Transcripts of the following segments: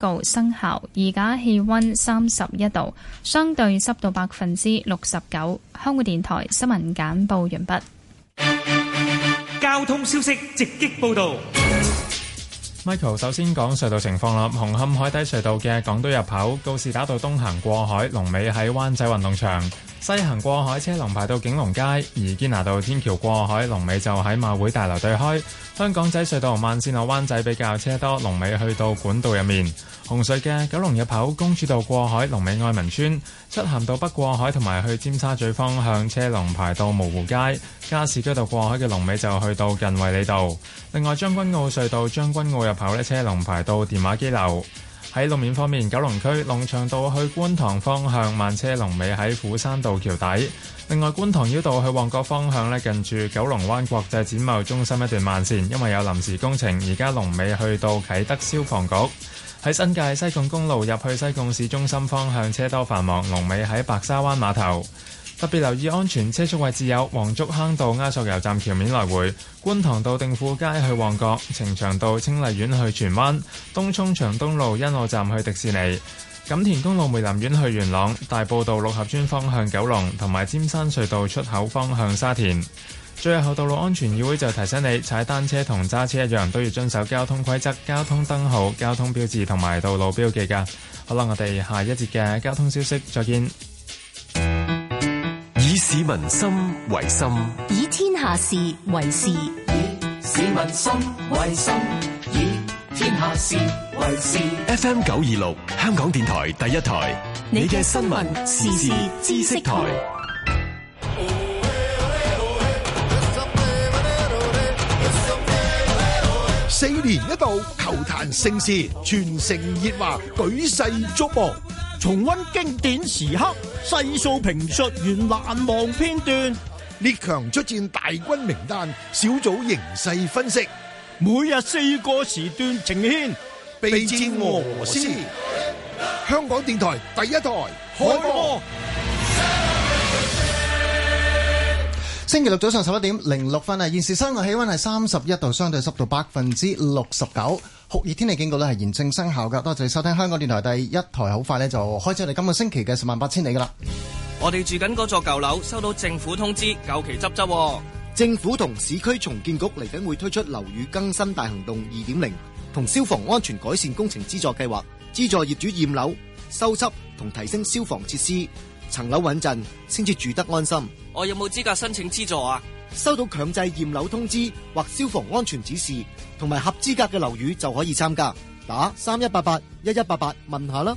告生效。而家氣温三十一度，相對濕度百分之六十九。香港電台新聞簡報完畢。交通消息直擊報道。Michael 首先講隧道情況啦。紅磡海底隧道嘅港島入口，告士打道東行過海，龍尾喺灣仔運動場。西行過海車龍排到景隆街，而堅拿道天橋過海龍尾就喺馬會大樓對開。香港仔隧道慢線落灣仔比較車多，龍尾去到管道入面。紅隧嘅九龍入口公主道過海龍尾愛民村，漆咸道北過海同埋去尖沙咀方向車龍排到蕪湖街，加士居道過海嘅龍尾就去到近衛理道。另外將軍澳隧道將軍澳入口呢車龍排到電話機樓。喺路面方面，九龍區龍翔道去觀塘方向慢車龍尾喺虎山道橋底。另外，觀塘繞道去旺角方向呢，近住九龍灣國際、就是、展貿中心一段慢線，因為有臨時工程，而家龍尾去到啟德消防局。喺新界西貢公路入去西貢市中心方向車多繁忙，龍尾喺白沙灣碼頭。特別留意安全車速位置有黃竹坑道、亞索油站橋面來回、觀塘道、定富街去旺角、呈祥道、清麗苑去荃灣、東涌長東路、欣澳站去迪士尼、錦田公路、梅林苑去元朗、大埔道六合村方向九龍同埋尖山隧道出口方向沙田。最後，道路安全議會就提醒你，踩單車同揸車一樣，都要遵守交通規則、交通燈號、交通標誌同埋道路標記㗎。好啦，我哋下一節嘅交通消息再見。以市民心為心，以天下事為事。以市民心為心，以天下事為事。FM 九二六，香港電台第一台，你嘅新聞、時事、知識台。四年一度，球壇盛事，全城熱話，舉世矚目，重温經典時刻。細數評述，完難忘片段。列強出戰大軍名單，小組形勢分析。每日四個時段呈獻備戰俄羅斯。備戰俄羅斯，香港電台第一台，開播。星期六早上十一點零六分啊！現時室外氣溫係三十一度，相對濕度百分之六十九。酷熱天氣警告咧係現正生效噶，多謝你收聽香港電台第一台，好快咧就開始你今個星期嘅十萬八千里噶啦。我哋住緊嗰座舊樓，收到政府通知，舊期執執、哦。政府同市區重建局嚟緊會推出樓宇更新大行動二點零，同消防安全改善工程資助計劃，資助業主驗樓、修葺同提升消防設施，層樓穩陣，先至住得安心。我有冇資格申請資助啊？收到強制驗樓通知或消防安全指示。同埋合資格嘅樓宇就可以參加，打三一八八一一八八問下啦。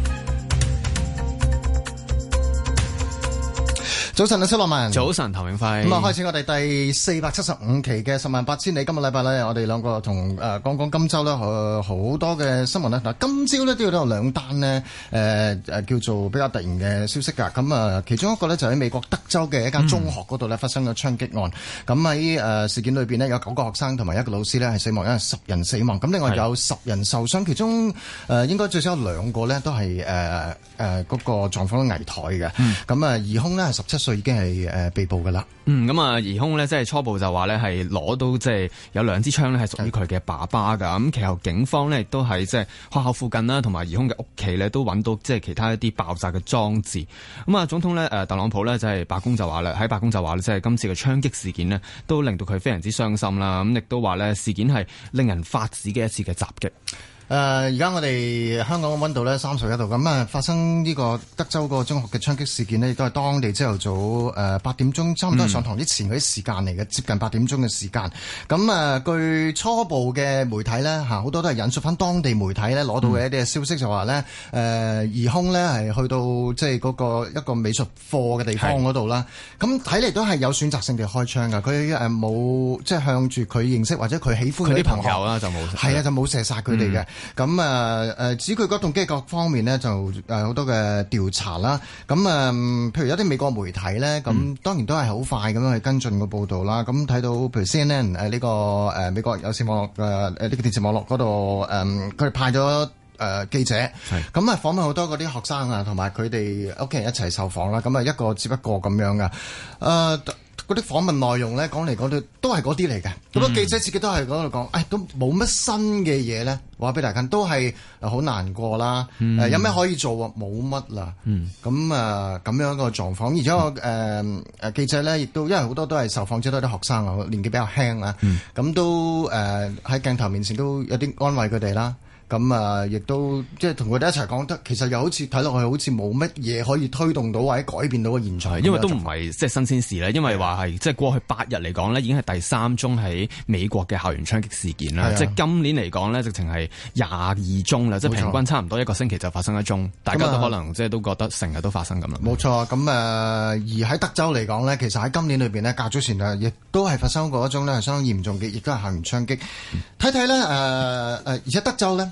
早晨啊，出萬人早晨，投永輝。咁啊、嗯，開始我哋第四百七十五期嘅十萬八千里。今個禮拜咧，我哋兩個同誒講講今周咧好多嘅新聞啦，嗱，今朝咧都有兩單咧，誒、呃、誒叫做比較突然嘅消息噶。咁啊、呃，其中一個咧就喺、是、美國德州嘅一間中學嗰度咧發生咗槍擊案。咁喺誒事件裏邊咧有九個學生同埋一個老師咧係死亡，因為十人死亡。咁另外有十人受傷，是其中誒、呃、應該最少有兩個咧都係誒誒嗰個狀況危殆嘅。咁啊、嗯，疑兇咧係十七。所以已經係誒被捕噶啦，嗯，咁啊疑兇咧，即係初步就話咧係攞到即係有兩支槍咧，係屬於佢嘅爸爸噶，咁其後警方咧亦都係即係學校附近啦，同埋疑兇嘅屋企咧都揾到即係其他一啲爆炸嘅裝置，咁、嗯、啊總統咧誒特朗普咧就係白宮就話啦，喺白宮就話呢，即係今次嘅槍擊事件呢都令到佢非常之傷心啦，咁亦都話咧事件係令人髮指嘅一次嘅襲擊。誒而家我哋香港嘅溫度咧三十一度，咁啊發生呢個德州個中學嘅槍擊事件呢亦都係當地朝頭早誒八點、嗯、點鐘，差唔多係上堂之前嗰啲時間嚟嘅，接近八點鐘嘅時間。咁啊，據初步嘅媒體咧好多都係引述翻當地媒體咧攞到嘅一啲消息就、嗯呃，就話呢，誒疑兇呢係去到即係嗰個一個美術課嘅地方嗰度啦。咁睇嚟都係有選擇性地開槍噶，佢誒冇即係向住佢認識或者佢喜歡佢啲朋友啦，友就冇，係啊，就冇射殺佢哋嘅。嗯咁啊，指佢嗰種動機方面呢，就誒好多嘅調查啦。咁啊，譬如有啲美國媒體呢，咁、嗯、當然都係好快咁樣去跟進個報導啦。咁睇到譬如 CNN 呢、呢個誒、呃、美國有線網誒誒呢個電視網絡嗰度誒，佢哋、呃、派咗誒、呃、記者，咁啊是的 訪問好多嗰啲學生啊，同埋佢哋屋企人一齊受訪啦。咁啊一個接一個咁樣嘅，呃嗰啲訪問內容咧講嚟講去都係嗰啲嚟嘅，好多記者自己都係嗰度講，誒都冇乜新嘅嘢咧，話俾大家都係好難過啦。誒、嗯呃、有咩可以做？冇乜啦。咁啊咁樣一個狀況，而且我誒誒、呃、記者咧，亦都因為好多都係受訪者都係啲學生啊，年紀比較輕啊，咁、嗯、都誒喺、呃、鏡頭面前都有啲安慰佢哋啦。咁啊，亦都即係同佢哋一齊講得，其實又好似睇落去好似冇乜嘢可以推動到或者改變到個現象對。因為都唔係即係新鮮事咧，因為話係即係過去八日嚟講咧，已經係第三宗喺美國嘅校園槍擊事件啦。啊、即係今年嚟講咧，直情係廿二宗啦，即係錯平均差唔多一個星期就發生一宗，麼大家都可能即係都覺得成日都發生咁啦。冇錯，咁誒、呃，而喺德州嚟講咧，其實喺今年裏邊咧，較早前啊亦都係發生過一宗咧，係相當嚴重嘅，亦都係校園槍擊。睇睇咧誒，誒、呃，而且德州咧。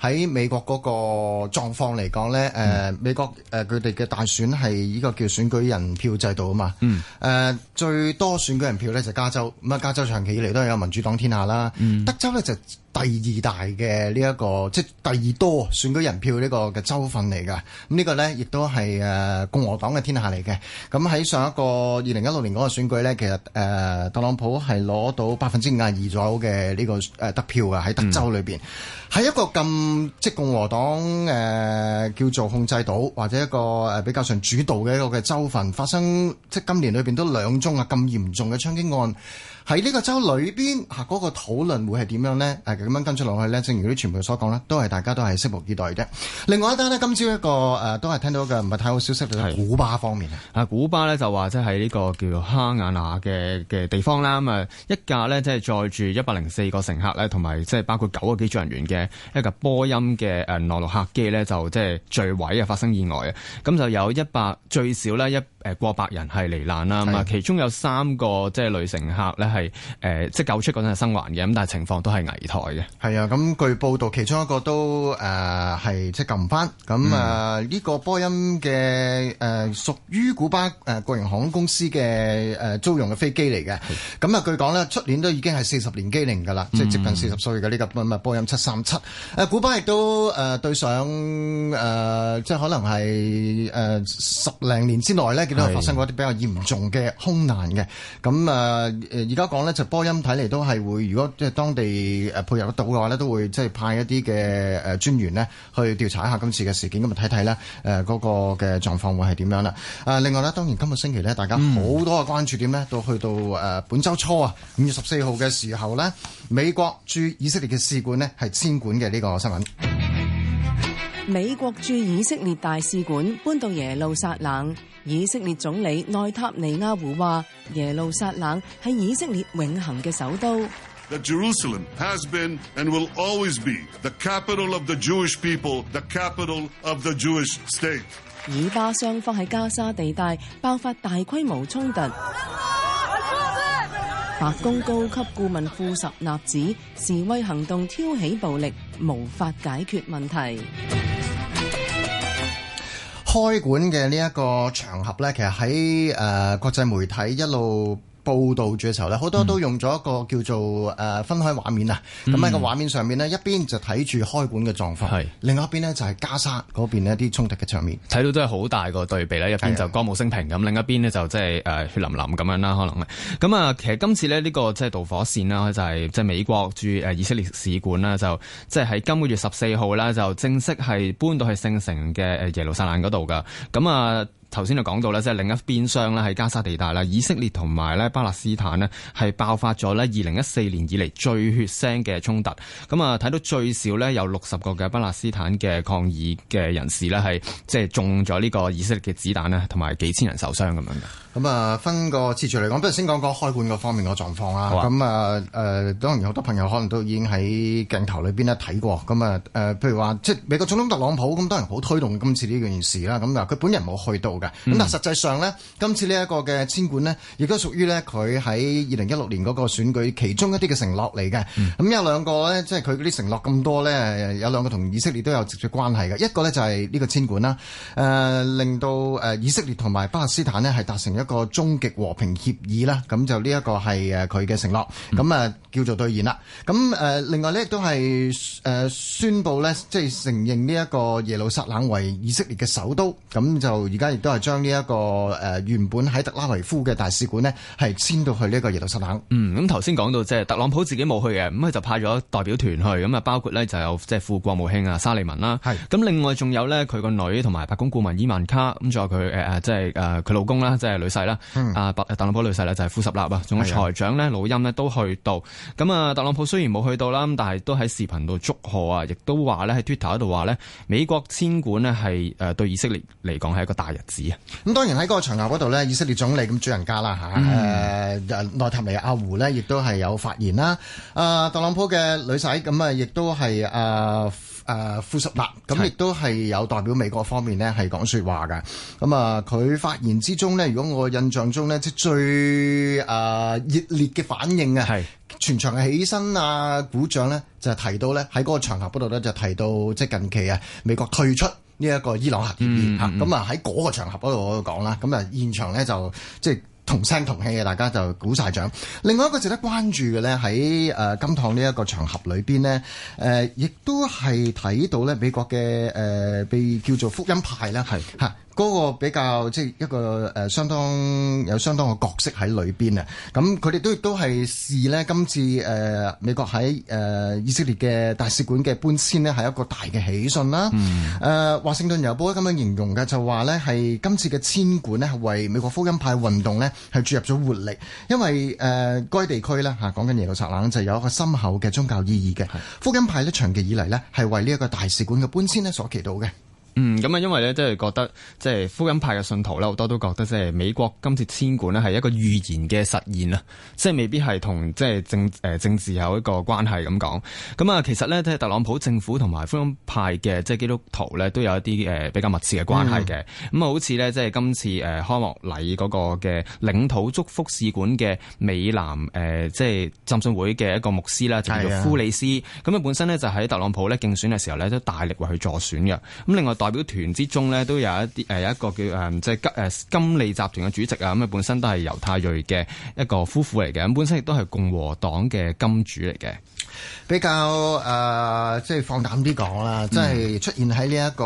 喺美國嗰個狀況嚟講咧，誒、呃嗯、美國誒佢哋嘅大選係呢個叫選舉人票制度啊嘛，誒、嗯呃、最多選舉人票咧就加州，咁啊加州長期以嚟都係有民主黨天下啦，嗯、德州咧就是、第二大嘅呢一個即係第二多選舉人票呢個嘅州份嚟㗎。咁、嗯、呢個咧亦都係、呃、共和黨嘅天下嚟嘅。咁喺上一個二零一六年嗰個選舉咧，其實誒、呃、特朗普係攞到百分之五十二左右嘅呢個得票嘅喺德州裏面，喺、嗯、一個咁。即共和黨誒、呃，叫做控制到或者一個誒比較上主導嘅一個嘅州份，發生即今年裏邊都兩宗啊咁嚴重嘅槍擊案。喺呢個州裏邊嚇嗰個討論會係點樣咧？誒咁樣跟住落去呢，正如啲傳媒所講啦，都係大家都係拭目以待嘅啫。另外一單呢，今朝一個誒、啊、都係聽到嘅，唔係太好消息嚟嘅，就係、古巴方面啊。古巴呢就話即係呢個叫做哈瓦那嘅嘅地方啦，咁啊一架呢即係、就係、載住一百零四個乘客呢，同埋即係包括九個機組人員嘅一架波音嘅誒內陸客機呢，就即係墜毀啊，發生意外啊，咁就有一百最少呢，一誒過百人係罹難啦，咁啊其中有三個即係女乘客呢。係。係誒，即係救出嗰陣係生還嘅，咁但係情況都係危殆嘅。係啊，咁據報道，其中一個都誒係、呃、即係撳翻。咁啊，呢、嗯呃這個波音嘅誒屬於古巴誒國營航空公司嘅誒、呃、租用嘅飛機嚟嘅。咁啊是，據講咧，出年都已經係四十年機齡噶啦，嗯、即係接近四十歲嘅呢架波音七三七。誒，古巴亦都誒、呃、對上誒、呃，即係可能係誒、呃、十零年之內呢見到發生過一啲比較嚴重嘅空難嘅。咁啊是，誒而家。呃講呢就波音睇嚟都係會，如果即係當地誒配合得到嘅話咧，都會即係派一啲嘅誒專員咧去調查一下今次嘅事件，咁啊睇睇呢誒嗰個嘅狀況會係點樣啦。誒，另外呢，當然今日星期呢，大家好多嘅關注點咧，都去到誒本周初啊，五月十四號嘅時候呢，美國駐以色列嘅使館咧係遷館嘅呢個新聞。美國駐以色列大使館搬到耶路撒冷。以色列總理內塔尼亞胡話：耶路撒冷係以色列永恒嘅首都。以巴雙方喺加沙地帶爆發大規模衝突。白宮高級顧問庫什納指，示威行動挑起暴力，無法解決問題。開館嘅呢一個場合咧，其實喺誒、呃、國際媒體一路，報道住嘅時候咧，好多都用咗一個叫做誒分開畫面啊，咁喺、嗯、個畫面上面呢，一邊就睇住開館嘅狀況，是另外一邊呢就係加沙嗰邊呢一啲衝突嘅場面，睇到真係好大個對比啦，一邊就歌舞升平咁，的另一邊呢就即係誒血淋淋咁樣啦，可能。咁啊，其實今次呢，呢個即係導火線啦，就係即係美國駐誒以色列使館啦，就即係喺今個月十四號啦，就正式係搬到去聖城嘅耶路撒冷嗰度噶，咁啊。頭先就講到咧，即係另一邊廂咧，係加沙地帶啦，以色列同埋咧巴勒斯坦呢，係爆發咗咧二零一四年以嚟最血腥嘅衝突。咁啊，睇到最少呢有六十個嘅巴勒斯坦嘅抗議嘅人士呢，係即係中咗呢個以色列嘅子彈呢，同埋幾千人受傷咁樣嘅。咁啊，分個次序嚟講，不如先講講開館個方面個狀況啦。咁啊，誒、呃、當然好多朋友可能都已經喺鏡頭裏邊咧睇過。咁啊，誒、呃、譬如話，即係美國總統特朗普咁當然好推動今次呢件事啦。咁啊，佢本人冇去到。咁、嗯、但係實際上呢，今次呢一個嘅遷館呢，亦都屬於呢佢喺二零一六年嗰個選舉其中一啲嘅承諾嚟嘅。咁、嗯、有兩個呢，即係佢嗰啲承諾咁多呢，有兩個同以色列都有直接關係嘅。一個呢就係呢個遷館啦、呃，令到以色列同埋巴勒斯坦呢係達成一個終極和平協議啦。咁就呢一個係佢嘅承諾，咁啊、嗯、叫做兌現啦。咁、呃、另外呢都係、呃、宣布呢，即、就、係、是、承認呢一個耶路撒冷為以色列嘅首都。咁就而家亦都。係將呢一個誒原本喺特拉維夫嘅大使館呢，係遷到去呢個耶路撒冷。嗯，咁頭先講到即係特朗普自己冇去嘅，咁佢就派咗代表團去，咁啊包括呢就有即係副國務卿啊沙利文啦，係咁是另外仲有呢，佢個女同埋白宮顧問伊曼卡，咁仲有佢誒即係誒佢老公啦，即、就、係、是、女婿啦，啊、嗯、特朗普女婿咧就係庫什納啊，仲有財長呢，的老欽呢都去到。咁啊特朗普雖然冇去到啦，但係都喺視頻度祝賀啊，亦都話呢喺 Twitter 嗰度話呢，美國遷館呢係誒對以色列嚟講係一個大日子。咁當然喺嗰個場合嗰度呢，以色列總理咁主人家啦嚇，誒、嗯呃、內塔尼亞胡呢亦都係有發言啦。啊、呃，特朗普嘅女婿咁啊，亦都係啊啊庫什納，咁亦都係有代表美國方面呢係講說話㗎。咁啊是，佢、呃、發言之中呢，如果我印象中呢，即係最啊、呃、熱烈嘅反應啊，係是全場起身啊鼓掌呢，就提到呢，喺嗰個場合嗰度呢，就提到即係近期啊美國退出。呢一個伊朗核 D.P. 吓咁啊喺嗰個場合嗰度講啦，咁啊現場咧就即係同聲同氣嘅，大家就鼓晒掌。另外一個值得關注嘅咧，喺誒今趟呢一個場合裏邊呢，誒、呃、亦都係睇到咧美國嘅誒、呃、被叫做福音派啦。係的。啊嗰個比較即係一個誒、呃，相當有相當嘅角色喺裏邊啊！咁佢哋都亦都係試呢。今次誒、呃、美國喺誒、呃、以色列嘅大使館嘅搬遷呢，係一個大嘅喜訊啦！誒、嗯呃，華盛頓郵報咁樣形容嘅就話呢係今次嘅遷館呢，係為美國福音派運動呢係注入咗活力，因為誒、呃、該地區呢，嚇講緊耶路撒冷就有一個深厚嘅宗教意義嘅是福音派呢，長期以嚟呢，係為呢一個大使館嘅搬遷呢所祈禱嘅。嗯，咁啊，因為咧，即係覺得，即係福音派嘅信徒咧，好多都覺得即係美國今次遷館咧係一個預言嘅實現啊，即係未必係同即係政誒政治有一個關係咁講。咁啊，其實咧，即係特朗普政府同埋福音派嘅即係基督徒咧，都有一啲誒比較密切嘅關係嘅。咁啊，嗯，好似咧，即係今次誒開幕禮嗰個嘅領土祝福使館嘅美南誒即係浸信會嘅一個牧師啦，就叫做夫里斯。咁啊的，本身咧就喺特朗普咧競選嘅時候咧都大力為佢助選嘅。咁另外代表團之中咧都有一啲，有一個叫即係金金利集團嘅主席啊，咁啊，本身都係猶太裔嘅一個夫婦嚟嘅，咁本身亦都係共和黨嘅金主嚟嘅，比較誒、呃、即係放膽啲講啦，嗯、即係出現喺呢一個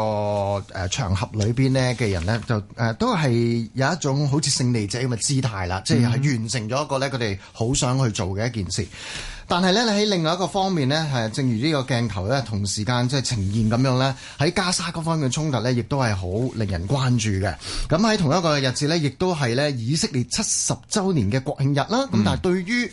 誒場合裏邊咧嘅人咧就誒、呃、都係有一種好似勝利者咁嘅姿態啦，嗯、即係完成咗一個咧佢哋好想去做嘅一件事。但係咧，你喺另外一個方面呢，係正如呢個鏡頭咧，同時間即係呈現咁樣呢，喺加沙嗰方面嘅衝突呢，亦都係好令人關注嘅。咁喺同一個日子呢，亦都係咧以色列七十週年嘅國慶日啦。咁、嗯、但係對於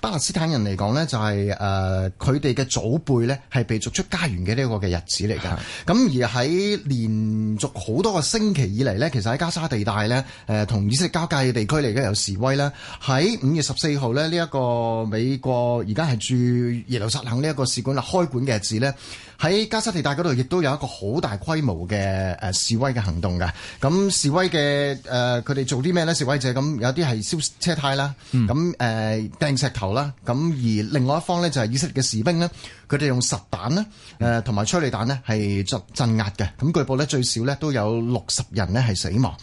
巴勒斯坦人嚟講咧，就係誒佢哋嘅祖輩咧，係被逐出家園嘅呢個嘅日子嚟㗎。咁的而喺連續好多個星期以嚟咧，其實喺加沙地帶咧，同、呃、以色列交界嘅地區嚟嘅有示威呢。喺五月十四號咧，呢、這、一個美國而家係駐耶路撒冷呢一個使館啦，開館嘅日子咧。喺加沙地帶嗰度，亦都有一個好大規模嘅示威嘅行動嘅。咁示威嘅誒，佢、呃、哋做啲咩咧？示威者咁有啲係燒車胎啦，咁誒掟石頭啦。咁而另外一方咧就係以色列嘅士兵咧，佢哋用實彈啦，誒同埋催淚彈呢，係鎮鎮壓嘅。咁據報咧最少咧都有六十人呢係死亡。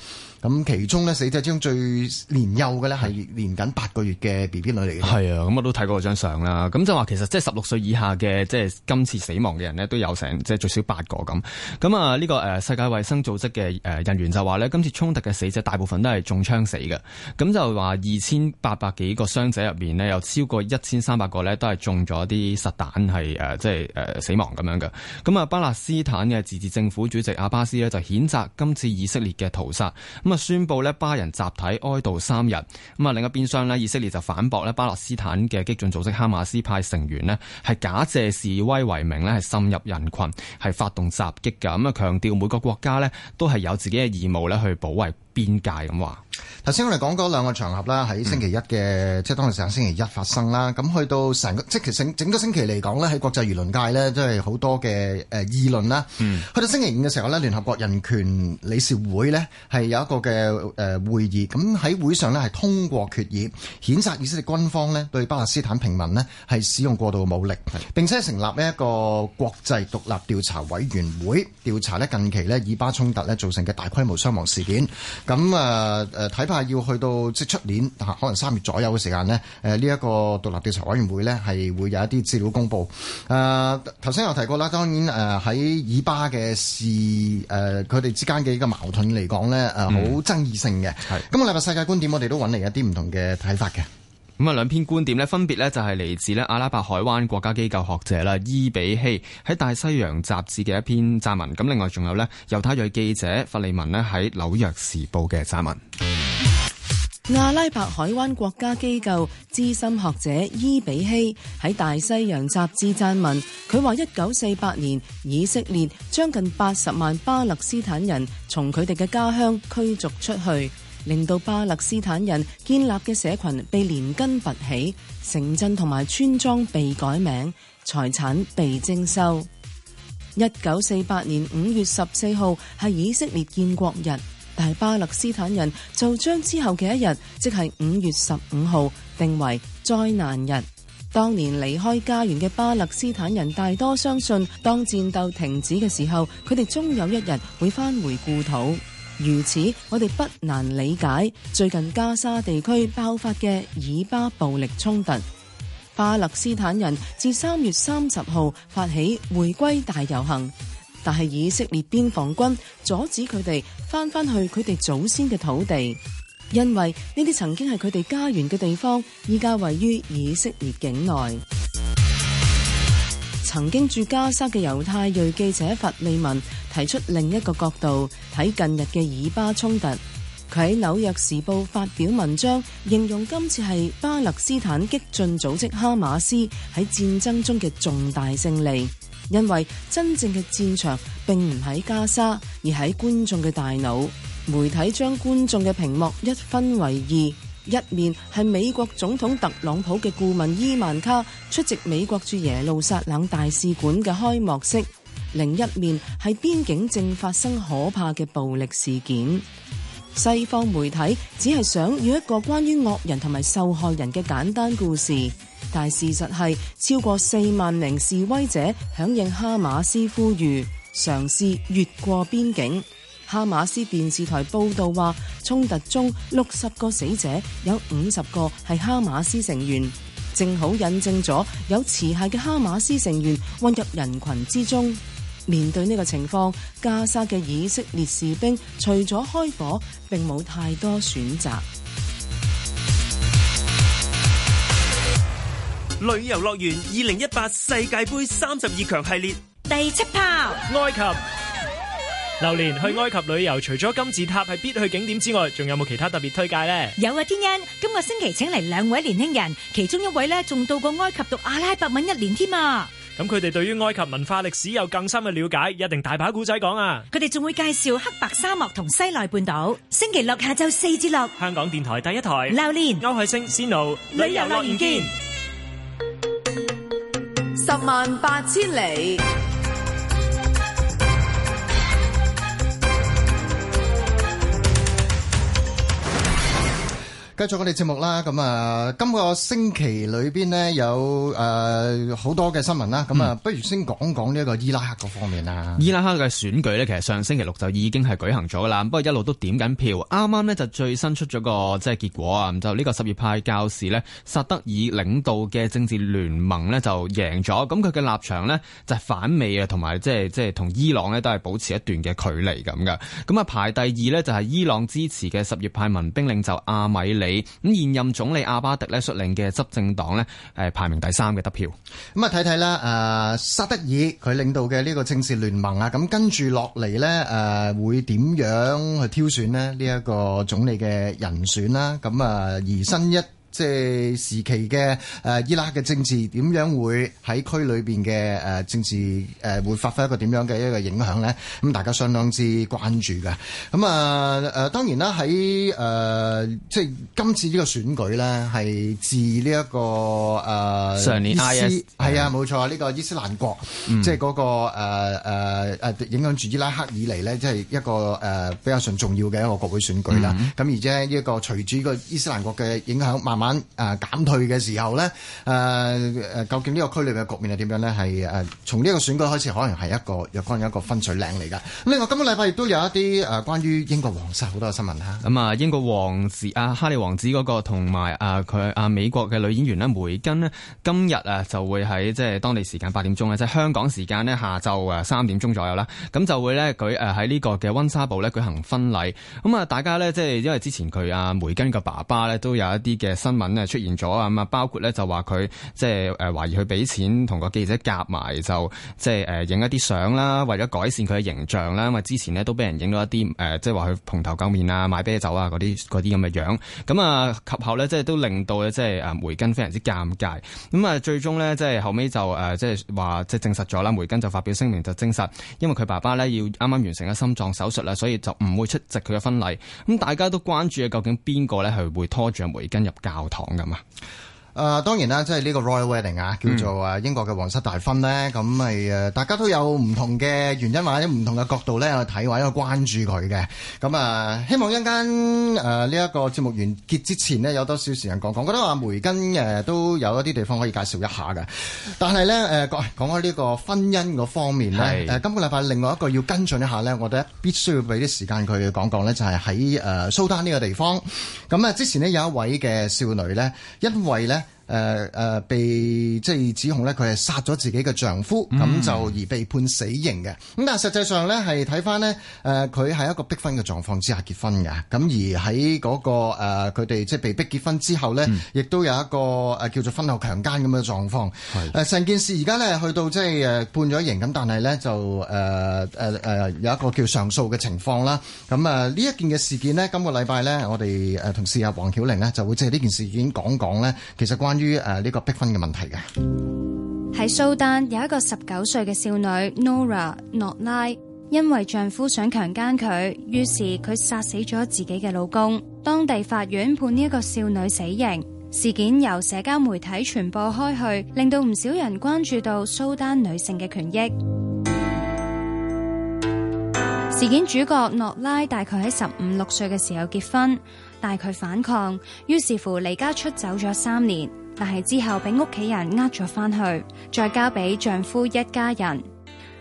咁其中咧，死者之中最年幼嘅，咧係年僅八個月嘅 B B 女嚟嘅。係啊，咁我都睇過張相啦。咁就話，其實即係十六歲以下嘅，即係今次死亡嘅人呢，都有成即係最少八個咁。咁啊，呢個誒世界衛生組織嘅誒人員就話呢，今次衝突嘅死者大部分都係中槍死嘅。咁就話二千八百幾個傷者入面呢，有超過一千三百個呢，都係中咗啲實彈，係誒，即係誒死亡咁樣嘅。咁啊，巴勒斯坦嘅自治政府主席阿巴斯呢，就譴責今次以色列嘅屠殺。咁啊，宣布咧巴人集體哀悼三日。咁啊，另一邊廂咧，以色列就反駁咧巴勒斯坦嘅激進組織哈馬斯派成員咧係假借示威為名咧，係深入人群係發動襲擊噶。咁啊，強調每個國家咧都係有自己嘅義務咧去保衛邊界。咁話，頭先我哋講嗰兩個場合啦，喺星期一嘅，嗯、即係當時成個星期一發生啦。咁去到成個，即係其實整個星期嚟講呢，喺國際輿論界呢，都係好多嘅誒議論啦。嗯、去到星期五嘅時候呢，聯合國人權理事會呢係有一個嘅誒會議，咁喺會上呢，係通過決議，譴責以色列軍方呢對巴勒斯坦平民呢係使用過度嘅武力，並且成立呢一個國際獨立調查委員會，調查呢近期呢以巴衝突呢造成嘅大規模傷亡事件。咁啊睇怕要去到即係出年可能三月左右嘅時間咧，呢、呃、一、個獨立調查委員會咧係會有一啲資料公布。誒頭先有提過啦，當然誒喺、呃、以巴嘅事誒佢哋之間嘅一個矛盾嚟講咧誒好爭議性嘅。係咁、嗯，我哋世界觀點，我哋都揾嚟一啲唔同嘅睇法嘅。咁啊，兩篇觀點咧，分別咧就係嚟自咧阿拉伯海灣國家機構學者啦，伊比希喺大西洋雜誌嘅一篇撰文。咁，另外仲有咧猶太裔記者弗利文呢喺紐約時報嘅撰文。阿拉伯海灣國家機構資深學者伊比希喺大西洋雜誌撰文，佢話一九四八年以色列將近八十萬巴勒斯坦人從佢哋嘅家鄉驅逐出去。令到巴勒斯坦人建立嘅社群被連根拔起，城鎮同埋村莊被改名，財產被徵收。一九四八年五月十四號係以色列建國日，但係巴勒斯坦人就將之後嘅一日，即係五月十五號，定為災難日。當年離開家園嘅巴勒斯坦人，大多相信當戰鬥停止嘅時候，佢哋終有一日會返回故土。如此，我哋不難理解最近加沙地區爆發嘅以巴暴力衝突。巴勒斯坦人自三月三十號發起回歸大遊行，但係以色列邊防軍阻止佢哋翻翻去佢哋祖先嘅土地，因為呢啲曾經係佢哋家園嘅地方，依家位於以色列境內。曾經駐加沙嘅猶太裔記者弗利文提出另一個角度睇近日嘅以巴衝突。佢喺《紐約時報》發表文章，形容今次係巴勒斯坦激進組織哈馬斯喺戰爭中嘅重大勝利，因為真正嘅戰場並唔喺加沙，而喺觀眾嘅大腦。媒體將觀眾嘅屏幕一分為二。一面係美國總統特朗普嘅顧問伊萬卡出席美國駐耶路撒冷大使館嘅開幕式，另一面係邊境正發生可怕嘅暴力事件。西方媒體只係想要一個關於惡人同埋受害人嘅簡單故事，但事實係超過四萬名示威者響應哈馬斯呼籲，嘗試越過邊境。哈馬斯電視台報道話，衝突中六十個死者有五十個係哈馬斯成員，正好印證咗有持械嘅哈馬斯成員混入人群之中。面對呢個情況，加沙嘅以色列士兵除咗開火，並冇太多選擇。旅遊樂園二零一八世界盃三十二強系列第七炮，埃及，劉年去埃及旅遊，除咗金字塔係必去景點之外，仲有冇其他特別推介呢？有啊，天恩，今個星期請嚟兩位年輕人，其中一位咧仲到過埃及讀阿拉伯文一年添啊！咁佢哋對於埃及文化歷史有更深嘅了解，一定大把古仔講啊！佢哋仲會介紹黑白沙漠同西奈半島。星期六下晝四至六，香港電台第一台。榴蓮，歐海星、仙奴，旅遊樂園見，十萬八千里。繼續我哋節目啦，咁啊，今個星期裏邊呢，有誒好多嘅新聞啦，咁啊，不如先講講呢一個伊拉克嗰方面啦。伊拉克嘅選舉呢，其實上星期六就已經係舉行咗啦，不過一路都點緊票，啱啱呢就最新出咗個即係結果啊，就呢、是、個什葉派教士呢，薩德爾領導嘅政治聯盟呢就贏咗，咁佢嘅立場呢，就係反美啊，同埋即係即係同伊朗呢都係保持一段嘅距離咁嘅。咁啊排第二呢，就係伊朗支持嘅什葉派民兵領袖阿米利。咁現任總理阿巴迪咧率領嘅執政黨咧，排名第三嘅得票看看。咁啊睇睇啦，誒薩德爾佢領導嘅呢個政治聯盟啊，咁跟住落嚟咧，誒、啊、會點樣去挑選咧呢一、這個總理嘅人選啦？咁啊，而新一。即係時期嘅誒伊拉克嘅政治點樣會喺區裏邊嘅誒政治誒會發揮一個點樣嘅一個影響咧？咁大家相當之關注嘅。咁啊誒當然啦，喺、呃、誒即係今次呢個選舉咧、這個，係自呢一個誒上年係斯係啊冇錯呢個伊斯蘭國，即係、嗯那個誒誒誒影響住伊拉克以嚟咧，即、就、係、是、一個誒比較上重要嘅一個國會選舉啦。咁、嗯、而且呢、這、一個隨住呢個伊斯蘭國嘅影響慢慢。啊減退嘅時候咧，誒、啊、誒，究竟呢個區內嘅局面係點樣咧？係誒、啊，從呢個選舉開始可，可能係一個可能係一個分水嶺嚟㗎。另外，今個禮拜亦都有一啲誒關於英國皇室好多嘅新聞啦。咁啊，英國皇子阿哈利王子嗰、那個同埋啊佢阿美國嘅女演員梅根咧，今日啊就會喺即係當地時間八點鐘，即係香港時間咧下晝誒三點鐘左右啦，咁就會咧舉誒喺呢個嘅温莎堡咧舉行婚禮。咁啊，大家咧即係因為之前佢啊，梅根個爸爸咧都有一啲嘅新出現咗啊！咁啊，包括咧就話佢即係誒懷疑佢俾錢同個記者夾埋，就即係誒影一啲相啦，為咗改善佢嘅形象啦。因為之前呢，都俾人影到一啲誒，即係話佢蓬頭垢面啊，買啤酒啊嗰啲嗰啲咁嘅樣。咁啊，及後咧即係都令到咧即係啊梅根非常之尷尬。咁啊，最終咧即係後尾就誒即係話即係證實咗啦。梅根就發表聲明就證實，因為佢爸爸咧要啱啱完成咗心臟手術啦，所以就唔會出席佢嘅婚禮。咁大家都關注啊究竟邊個咧係會拖住梅根入嫁？教堂咁啊！誒、呃、當然啦，即係呢個 Royal Wedding 啊，叫做誒英國嘅皇室大婚咧，咁、嗯嗯、大家都有唔同嘅原因或者唔同嘅角度咧去睇或者去關注佢嘅。咁、嗯、啊，希望一間誒呢一個節目完結之前呢，有多少時間講講？覺得話梅根誒、呃、都有一啲地方可以介紹一下嘅。但係咧誒講講開呢個婚姻嗰方面咧，誒是的、呃、今個禮拜另外一個要跟進一下咧，我覺得必須要俾啲時間佢講講咧，就係喺誒蘇丹呢個地方。咁、嗯、啊，之前呢，有一位嘅少女咧，因為咧。誒誒、呃呃、被即係指控咧，佢係殺咗自己嘅丈夫，咁就、嗯、而被判死刑嘅。咁但係實際上咧，係睇翻咧，誒佢係一個逼婚嘅狀況之下結婚嘅，咁而喺嗰、那個誒佢哋即係被逼結婚之後咧，嗯、亦都有一個誒叫做婚後強姦咁嘅狀況，誒成件事而家咧去到即係誒判咗刑，咁但係咧就誒誒誒有一個叫上訴嘅情況啦。咁啊呢一件嘅事件咧，今個禮拜咧，我哋誒同事阿黃曉玲咧就會借呢件事件講講咧，其實關於誒呢個逼婚嘅問題嘅。喺蘇丹有一個十九歲嘅少女 Nora 諾拉，因為丈夫想強姦佢，於是佢殺死咗自己嘅老公。當地法院判呢一個少女死刑。事件由社交媒體傳播開去，令到唔少人關注到蘇丹女性嘅權益。事件主角諾拉大概喺十五六歲嘅時候結婚，但佢反抗，於是乎離家出走咗三年。但係之後俾屋企人呃咗翻去，再交俾丈夫一家人。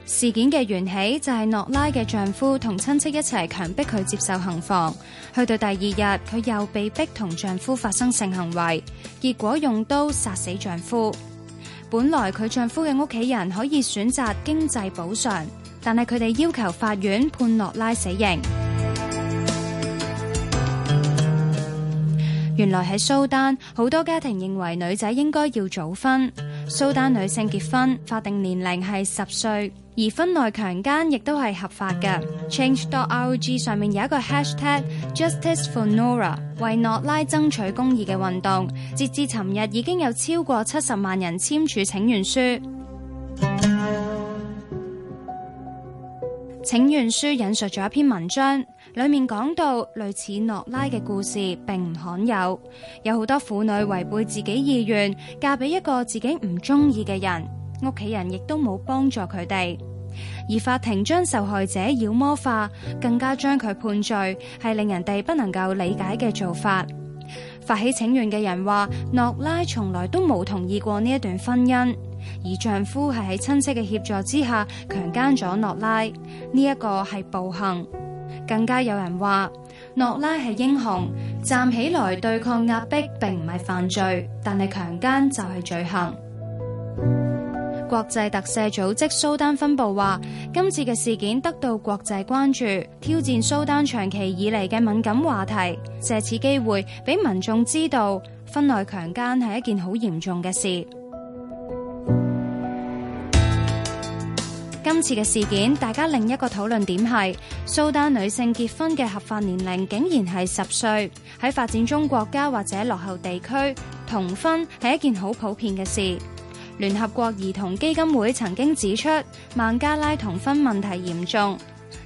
事件嘅緣起就係諾拉嘅丈夫同親戚一齊強迫佢接受行房。去到第二日，佢又被逼同丈夫發生性行為，結果用刀殺死丈夫。本來佢丈夫嘅屋企人可以選擇經濟補償，但係佢哋要求法院判諾拉死刑。原來喺蘇丹，好多家庭認為女仔應該要早婚。蘇丹女性結婚法定年齡係十歲，而婚內強姦亦都係合法嘅。Change.org 上面有一個 hashtag Justice for Nora 為諾拉爭取公義嘅運動，截至尋日已經有超過七十萬人簽署請願書。請願書引述咗一篇文章，裏面講到類似諾拉嘅故事並唔罕有，有好多婦女違背自己意願嫁俾一個自己唔中意嘅人，屋企人亦都冇幫助佢哋，而法庭將受害者妖魔化，更加將佢判罪，係令人哋不能夠理解嘅做法。發起請願嘅人話：諾拉從來都冇同意過呢一段婚姻。而丈夫係喺親戚嘅協助之下強姦咗諾拉，呢一個係暴行。更加有人話諾拉係英雄，站起來對抗壓迫，並唔係犯罪，但係強姦就係罪行。國際特赦組織蘇丹分部話，今次嘅事件得到國際關注，挑戰蘇丹長期以嚟嘅敏感話題，借此機會俾民眾知道婚內強姦係一件好嚴重嘅事。今次嘅事件，大家另一個討論點係蘇丹女性結婚嘅合法年齡竟然係十歲。喺發展中國家或者落後地區，童婚係一件好普遍嘅事。聯合國兒童基金會曾經指出，孟加拉童婚問題嚴重，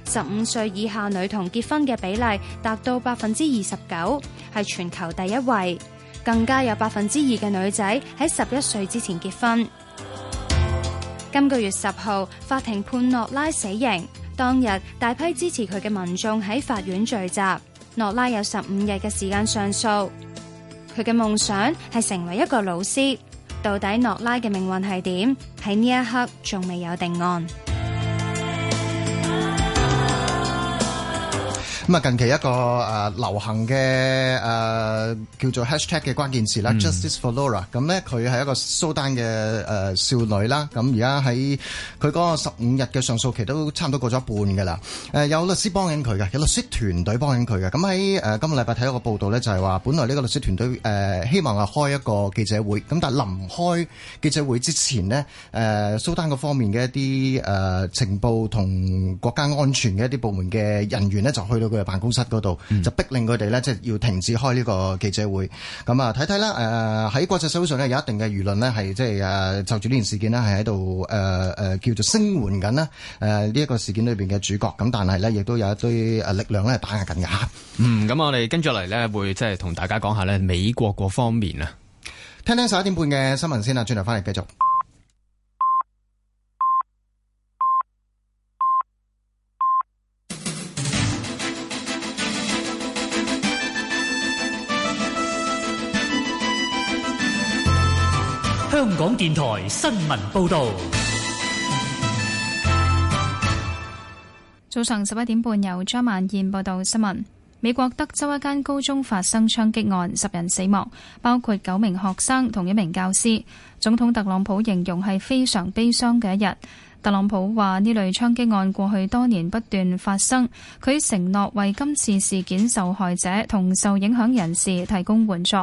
十五歲以下女童結婚嘅比例達到百分之二十九，係全球第一位。更加有百分之二嘅女仔喺十一歲之前結婚。今個月十號，法庭判諾拉死刑。當日，大批支持佢嘅民眾喺法院聚集。諾拉有十五日嘅時間上訴。佢嘅夢想係成為一個老師。到底諾拉嘅命運係點？喺呢一刻，仲未有定案。咁啊，近期一個誒、呃、流行嘅誒、呃、叫做 hashtag 嘅關鍵詞啦，justice for Laura、嗯。咁咧，佢係一個蘇丹嘅誒、呃、少女啦。咁而家喺佢嗰十五日嘅上訴期都差唔多過咗一半嘅啦、呃。有律師幫緊佢嘅，有律師團隊幫緊佢嘅。咁、嗯、喺、呃、今個禮拜睇一個報道咧，就係話本來呢個律師團隊誒希望係開一個記者會，咁但係臨開記者會之前咧，誒、呃、蘇丹嗰方面嘅一啲誒、呃、情報同國家安全嘅一啲部門嘅人員咧，就去到佢。辦公室嗰度就逼令佢哋咧，即係要停止開呢個記者會。咁啊，睇睇啦，誒、呃、喺國際社會上呢，有一定嘅輿論呢，係即係誒、啊、就住呢件事件呢，係喺度誒誒叫做聲援緊啦。誒呢一個事件裏邊嘅主角，咁但係呢，亦都有一堆誒力量咧係打壓緊嘅吓。嗯，咁我哋跟住嚟呢，會即係同大家講下呢，美國嗰方面啊。聽聽十一點半嘅新聞先啦，轉頭翻嚟繼續。香港電台新聞報道，早上十一點半，由張萬燕報道新聞。美國德州一間高中發生槍擊案，十人死亡，包括九名學生同一名教師。總統特朗普形容係非常悲傷嘅一日。特朗普話：呢類槍擊案過去多年不斷發生，佢承諾為今次事件受害者同受影響人士提供援助。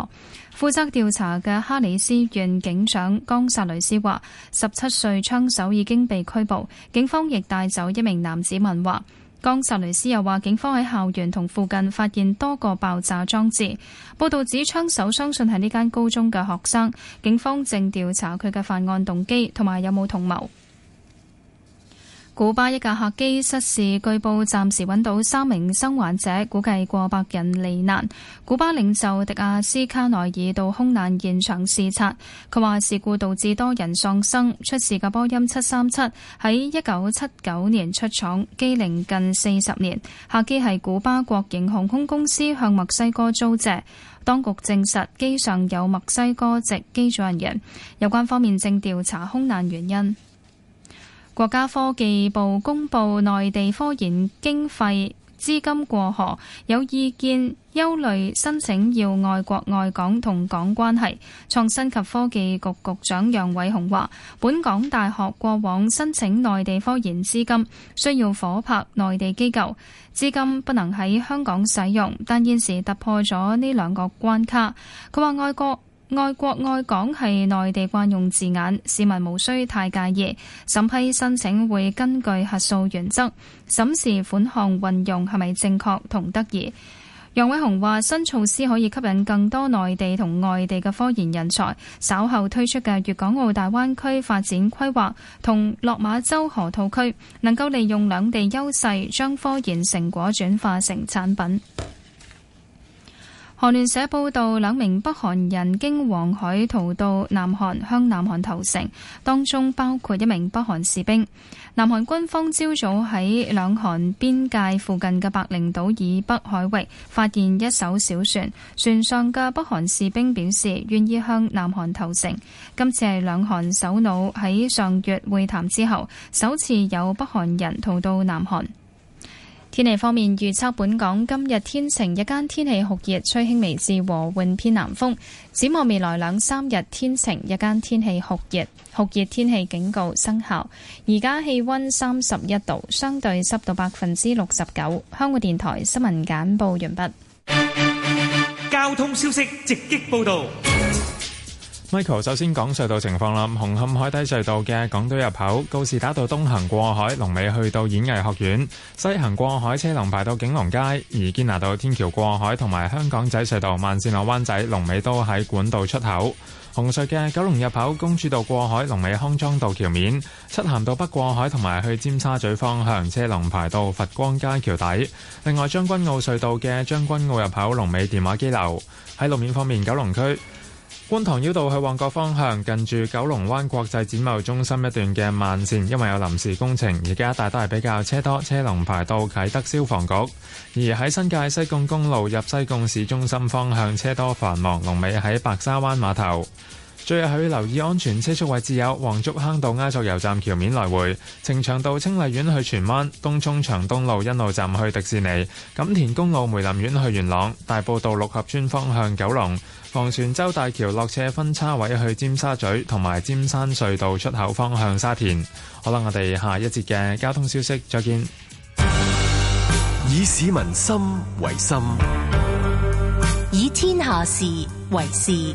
負責調查嘅哈里斯縣警長岡薩雷斯話：十七歲槍手已經被拘捕，警方亦帶走一名男子問話。岡薩雷斯又話：警方喺校園同附近發現多個爆炸裝置。報道指槍手相信係呢間高中嘅學生，警方正調查佢嘅犯案動機同埋有冇同謀。古巴一架客機失事，據報暫時搵到三名生還者，估計過百人罹難。古巴領袖迪亞斯卡內爾到空難現場視察，佢話事故導致多人喪生。出事嘅波音七三七喺一九七九年出廠，機齡近四十年。客機係古巴國營航空公司向墨西哥租借。當局證實機上有墨西哥籍機組人員，有關方面正調查空難原因。國家科技部公布內地科研經費資金過河，有意見憂慮申請要愛國愛港同港關係，創新及科技局局長楊偉雄話，本港大學過往申請內地科研資金需要夥拍內地機構資金不能喺香港使用，但現時突破咗呢兩個關卡。佢話外國。愛國愛港係內地慣用字眼，市民無需太介意。審批申請會根據核數原則審視款項運用係咪正確同得宜。楊偉雄話：新措施可以吸引更多內地同外地嘅科研人才。稍後推出嘅粵港澳大灣區發展規劃同落馬洲河套區，能夠利用兩地優勢，將科研成果轉化成產品。韓聯社報道，兩名北韓人經黃海逃到南韓，向南韓投誠，當中包括一名北韓士兵。南韓軍方朝早喺兩韓邊界附近嘅白翎島以北海域發現一艘小船，船上嘅北韓士兵表示願意向南韓投誠。今次係兩韓首腦喺上月會談之後，首次有北韓人逃到南韓。天氣方面預測，預測本港今日天晴日間天氣酷熱，吹輕微至和緩偏南風。展望未來兩三日天晴日間天氣酷熱，酷熱天氣警告生效。而家氣温三十一度，相對濕度百分之六十九。香港電台新聞簡報完畢。交通消息直擊報道。Michael 首先講隧道情況啦，紅磡海底隧道嘅港島入口，告士打道東行過海，龍尾去到演藝學院；西行過海，車龍排到景隆街。而堅拿道天橋過海同埋香港仔隧道，慢線落灣仔龍尾都喺管道出口。紅隧嘅九龍入口，公主道過海，龍尾康莊道橋面；漆咸道北過海同埋去尖沙咀方向，車龍排到佛光街橋底。另外，將軍澳隧道嘅將軍澳入口，龍尾電話機樓。喺路面方面，九龍區。觀塘繞道去旺角方向，近住九龍灣國際展貿中心一段嘅慢線，因為有臨時工程，而家大多係比較車多，車龍排到啟德消防局。而喺新界西貢公路入西貢市中心方向，車多繁忙，龍尾喺白沙灣碼頭。最後還要留意安全車速位置，有黃竹坑道埃索油站橋面來回、城翔道清麗苑去荃灣、東涌長東路一路站去迪士尼、錦田公路梅林苑去元朗、大埔道六合村方向九龍、昂船洲大橋落車分叉位去尖沙咀同埋尖山隧道出口方向沙田。好啦，我哋下一節嘅交通消息再見。以市民心為心，以天下事為事。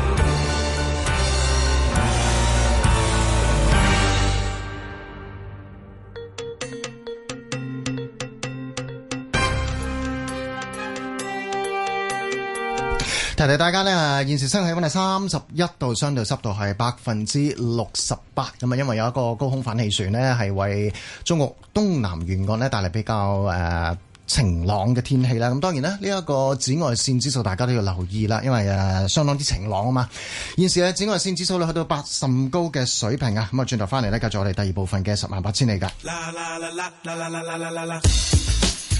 提提大家呢啊，現時新氣溫係三十一度，相對濕度係百分之六十八咁啊，因為有一個高空反氣旋呢係為中國東南沿岸呢帶嚟比較誒晴朗嘅天氣啦。咁當然咧，呢一個紫外線指數大家都要留意啦，因為誒相當之晴朗啊嘛。現時嘅紫外線指數咧去到八甚高嘅水平啊。咁啊，轉頭翻嚟咧，繼續我哋第二部分嘅十萬八千里噶。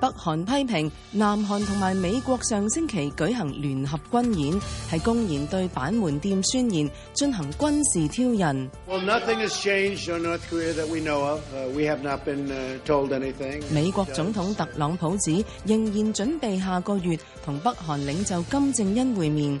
北韓批評南韓同埋美國上星期舉行聯合軍演，係公然對板門店宣言進行軍事挑釁。Well, 美國總統特朗普指，仍然準備下個月同北韓領袖金正恩會面。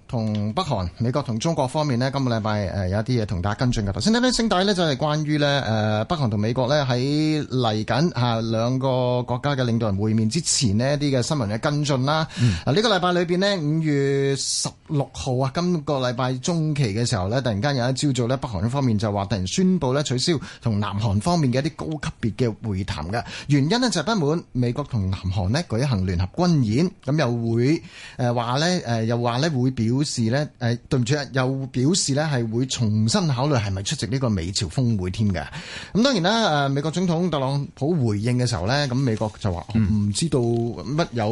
同北韓、美國同中國方面呢，今個禮拜誒、呃、有啲嘢同大家跟進嘅頭先呢，聲帶呢就係、是、關於呢誒、呃、北韓同美國呢，喺嚟緊啊兩個國家嘅領導人會面之前呢，一啲嘅新聞嘅跟進啦。嗱呢、嗯啊這個禮拜裏邊呢，五月十六號啊，今個禮拜中期嘅時候呢，突然間有一朝早呢，北韓方面就話突然宣布呢取消同南韓方面嘅一啲高級別嘅會談嘅原因呢就係、是、不滿美國同南韓呢舉行聯合軍演，咁又會誒話、呃呃、呢，誒、呃、又話呢會表。表示呢，誒，對唔住，又表示呢係會重新考慮係咪出席呢個美朝峰會添嘅。咁當然啦，誒，美國總統特朗普回應嘅時候呢，咁美國就話唔知道乜有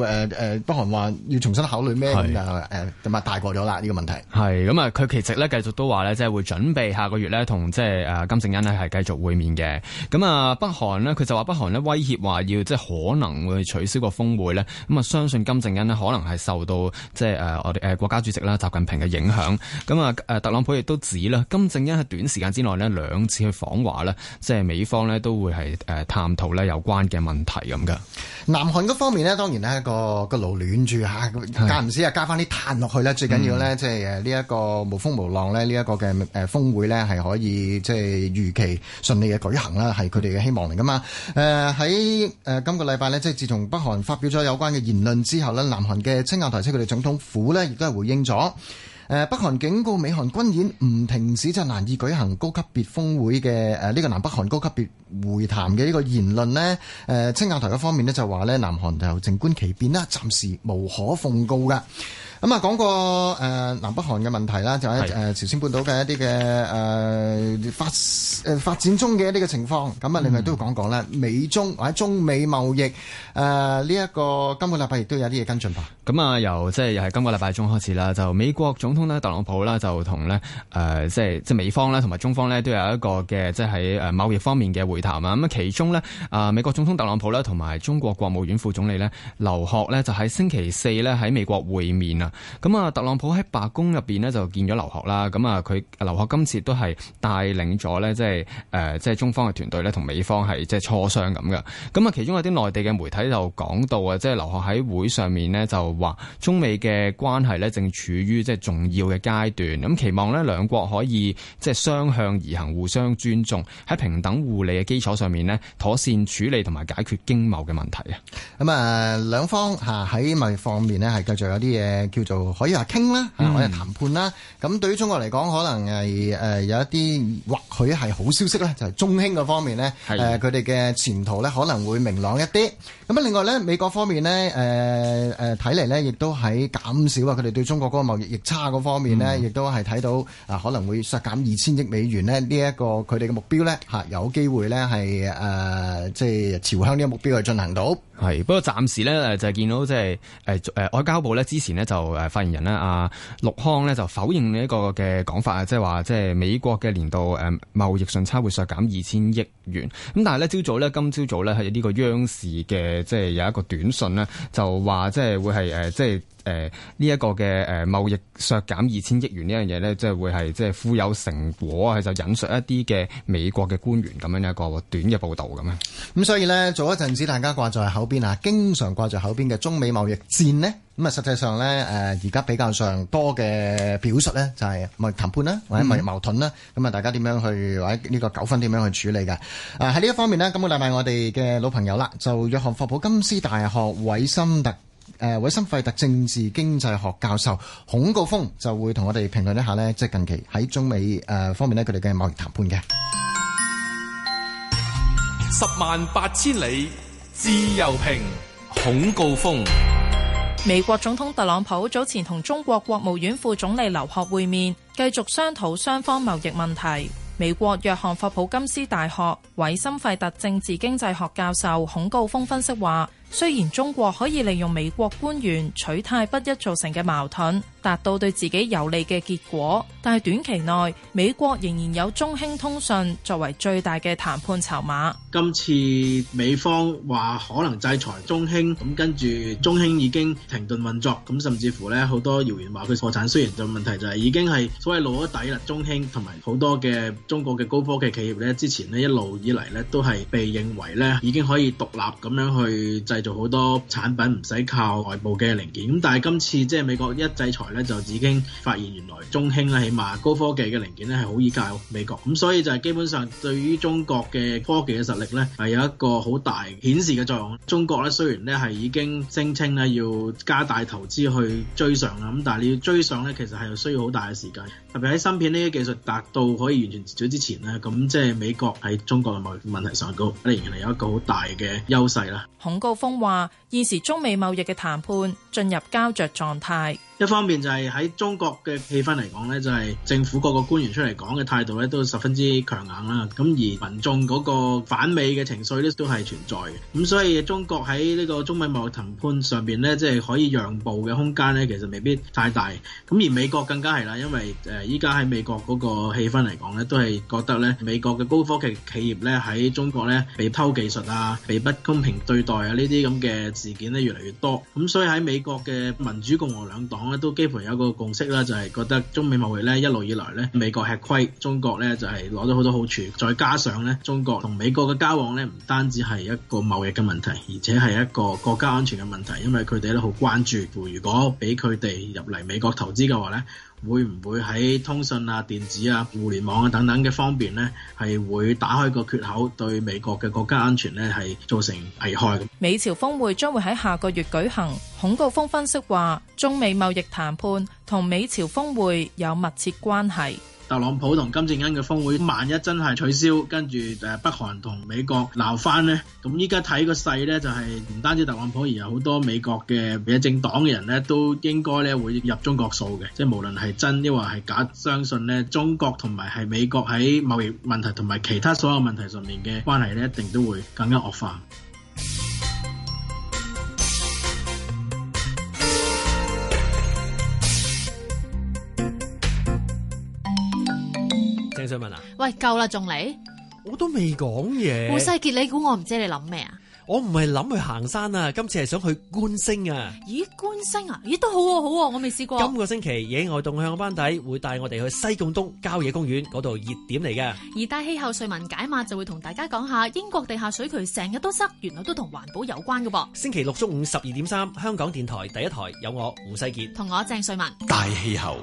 要，誒，誒，北韓話要重新考慮咩咁嘅，啊是大過咗啦呢個問題。係咁啊，佢其實呢繼續都話呢，即係會準備下個月呢同即係誒金正恩呢係繼續會面嘅。咁啊，北韓呢，佢就話北韓呢威脅話要即係可能會取消個峰會呢。咁啊，相信金正恩呢可能係受到即係誒我哋誒。呃呃呃國家主席啦，習近平嘅影響，咁啊，誒特朗普亦都指啦，金正恩喺短時間之內咧兩次去訪華咧，即係美方咧都會係誒探討咧有關嘅問題咁嘅。南韓方面咧，當然咧、嗰個、嗰個爐暖住吓，間唔時啊加返啲炭落去咧，最緊要呢，即係呢一個無風無浪咧，呢一個嘅誒峯會咧係可以即係如期順利嘅舉行啦，係佢哋嘅希望嚟噶嘛。誒喺誒今個禮拜咧，即係自從北韓發表咗有關嘅言論之後呢，南韓嘅青瓦台稱佢哋總統府咧亦都。回應咗，誒，北韓警告美韓軍演唔停止就難以舉行高級別峰會嘅，誒，呢個南北韓高級別。回談嘅呢個言論呢，誒，青瓦台嘅方面呢，就話呢，南韓就靜觀其變啦，暫時無可奉告噶。咁啊，講個誒，南北韓嘅問題啦，就喺誒朝鮮半島嘅一啲嘅誒發誒發展中嘅一啲嘅情況，咁啊、嗯，你咪都要講講啦。美中或者中美貿易誒呢一個今個禮拜亦都有啲嘢跟進吧。咁啊，由即係又係今個禮拜中開始啦，就美國總統呢，特朗普啦，就同呢，誒即係即係美方啦，同埋中方呢，都有一個嘅即係喺誒貿易方面嘅會。談啊，咁啊，其中呢，啊，美國總統特朗普呢同埋中國國務院副總理呢，劉鶴呢就喺星期四呢喺美國會面啊。咁啊，特朗普喺白宮入邊呢就見咗劉鶴啦。咁啊，佢劉鶴今次都係帶領咗呢，即係誒，即係中方嘅團隊呢同美方係即係磋商咁嘅。咁啊，其中有啲內地嘅媒體就講到啊，即係劉鶴喺會上面呢，就話中美嘅關係呢正處於即係重要嘅階段，咁期望呢兩國可以即係雙向而行，互相尊重，喺平等互利。基礎上面呢，妥善處理同埋解決經貿嘅問題啊！咁啊、嗯，兩方喺貿易方面呢係繼續有啲嘢叫做可以話傾啦，可以話談判啦。咁、嗯、對於中國嚟講，可能係有一啲或許係好消息咧，就係、是、中興嘅方面咧，誒佢哋嘅前途呢可能會明朗一啲。咁另外咧，美國方面咧，誒睇嚟咧，呃、亦都喺減少啊，佢哋對中國嗰個貿易逆差嗰方面咧，嗯、亦都係睇到啊、呃，可能會削減二千億美元咧，呢、這、一個佢哋嘅目標咧、啊，有機會咧係誒，即係朝向呢個目標去進行到。係，不過暫時咧就係見到即係誒誒外交部咧之前呢，就誒、是就是啊啊、發言人咧、啊、阿陸康咧就否認呢一個嘅講法啊，即係話即係美國嘅年度誒貿易順差會削減二千億元。咁但係咧朝早咧今朝早咧喺呢這個央視嘅即係有一個短訊咧就話即係會係誒即係。啊就是誒，呢一個嘅誒貿易削減二千億元呢樣嘢呢，即、就、係、是、會係即係富有成果，係就是、引述一啲嘅美國嘅官員咁樣一個短嘅報道咁樣，咁所以呢，做咗一陣子大家掛在口邊啊，經常掛在口邊嘅中美貿易戰呢。咁啊實際上呢，誒而家比較上多嘅表述呢，就係、是、貿易談判啦，或者貿易矛盾啦，咁啊、嗯、大家點樣去或者呢個糾紛點樣去處理嘅？啊喺呢一方面呢，今日嚟埋我哋嘅老朋友啦，就約翰霍普金斯大學韋森特。誒，韋森費特政治經濟學教授孔高峰就會同我哋評論一下即係近期喺中美誒方面咧，佢哋嘅貿易談判嘅。十萬八千里自由平，孔高峰。美國總統特朗普早前同中國國務院副總理劉鶴會面，繼續商討雙方貿易問題。美國約翰霍普金斯大學韋森費特政治經濟學教授孔高峰分析話。雖然中國可以利用美國官員取態不一造成嘅矛盾，達到對自己有利嘅結果，但係短期內美國仍然有中興通訊作為最大嘅談判籌碼。今次美方話可能制裁中興，咁跟住中興已經停頓運作，咁甚至乎咧好多謠言話佢破產。雖然個問題就係已經係所謂露咗底啦，中興同埋好多嘅中國嘅高科技企業咧，之前咧一路以嚟咧都係被認為咧已經可以獨立咁樣去製造好多產品，唔使靠外部嘅零件。咁但係今次即係美國一制裁就已經發現，原來中興咧，起碼高科技嘅零件咧係好依賴美國咁，所以就係基本上對於中國嘅科技嘅實力咧係有一個好大顯示嘅作用。中國咧雖然咧係已經聲稱咧要加大投資去追上啦，咁但係你要追上咧，其實係需要好大嘅時間，特別喺芯片呢啲技術達到可以完全自主之前咧，咁即係美國喺中國嘅貿易問題上高，仍然係有一個好大嘅優勢啦。孔高峰話：現時中美貿易嘅談判進入膠着狀態。一方面就係喺中國嘅氣氛嚟講咧，就係政府各個官員出嚟講嘅態度咧，都十分之強硬啦。咁而民眾嗰個反美嘅情緒咧，都係存在嘅。咁所以中國喺呢個中美貿易談判上邊咧，即係可以讓步嘅空間咧，其實未必太大。咁而美國更加係啦，因為誒依家喺美國嗰個氣氛嚟講咧，都係覺得咧美國嘅高科技企業咧喺中國咧被偷技術啊、被不公平對待啊呢啲咁嘅事件咧越嚟越多。咁所以喺美國嘅民主共和兩黨，都基本有個共識啦，就係覺得中美貿易咧一路以來咧，美國吃虧，中國咧就係攞咗好多好處。再加上咧，中國同美國嘅交往咧，唔單止係一個貿易嘅問題，而且係一個國家安全嘅問題，因為佢哋咧好關注，如果俾佢哋入嚟美國投資嘅話咧。會唔會喺通訊啊、電子啊、互聯網啊等等嘅方面呢，係會打開個缺口，對美國嘅國家安全呢係造成危害？美朝峰會將會喺下個月舉行，恐怖風分析話，中美貿易談判同美朝峰會有密切關係。特朗普同金正恩嘅峰會，萬一真係取消，跟住誒北韓同美國鬧翻呢。咁依家睇個勢呢，就係唔單止特朗普，而有好多美國嘅咩政黨嘅人呢，都應該呢會入中國數嘅，即係無論係真抑或係假，相信呢中國同埋係美國喺貿易問題同埋其他所有問題上面嘅關係呢，一定都會更加惡化。鄭瑞文啊，喂，夠啦仲嚟？我都未講嘢。胡世杰，你估我唔知你諗咩啊？我唔係諗去行山啊，今次係想去觀星啊。咦，觀星啊？咦，都好、啊、好、啊，我未試過。今個星期野外動向班底會帶我哋去西貢東郊野公園嗰度熱點嚟嘅。而大氣候瑞文解碼就會同大家講下，英國地下水渠成日都塞，原來都同環保有關嘅噃。星期六中午十二點三，3, 香港電台第一台有我胡世杰同我鄭瑞文大氣候。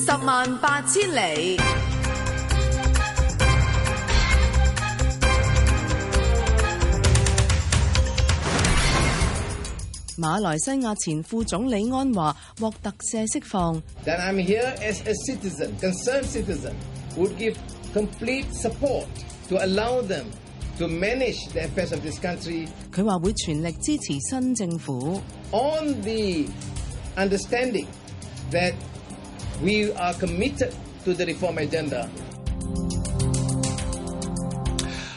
十萬八千里。馬來西亞前副總理安華獲特赦釋放。佢話會全力支持新政府。We are committed to the reform agenda。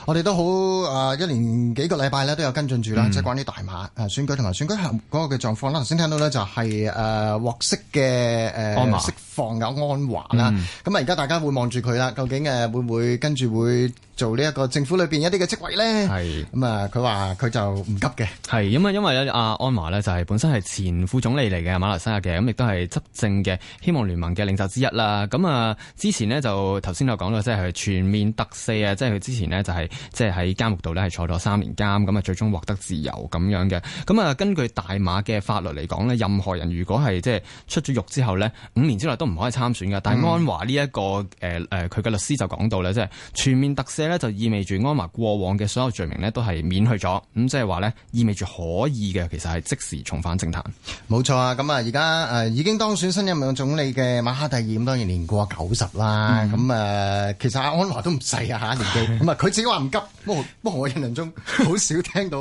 我哋都好啊、呃，一連幾個禮拜咧都有跟進住啦，即係、mm. 關於大馬啊選舉同埋選舉行嗰個嘅狀況啦。頭先聽到咧就係誒獲釋嘅誒。呃 Omar. 放有安華啦，咁啊而家大家會望住佢啦，究竟誒會唔會跟住會做呢一個政府裏邊一啲嘅職位咧？係咁啊，佢話佢就唔急嘅。係，因啊，因為咧，阿安華呢，就係本身係前副總理嚟嘅馬來西亞嘅，咁亦都係執政嘅希望聯盟嘅領袖之一啦。咁啊，之前呢，就頭先就講到，即係佢全面特赦啊，即係佢之前呢，就係即係喺監獄度呢，係坐咗三年監，咁啊最終獲得自由咁樣嘅。咁啊，根據大馬嘅法律嚟講呢，任何人如果係即係出咗獄之後呢，五年之內都唔可以參選噶，但係安華呢、這、一個誒佢嘅律師就講到咧，即係全面特赦咧，就意味住安華過往嘅所有罪名咧，都係免去咗，咁即係話咧，意味住可以嘅，其實係即時重返政壇。冇錯啊，咁啊，而家誒已經當選新任總理嘅馬哈蒂爾，咁當然年過九十啦。咁誒、嗯嗯，其實阿安華都唔細啊嚇年紀，咁啊，佢自己話唔急，不過 我印象中好少聽到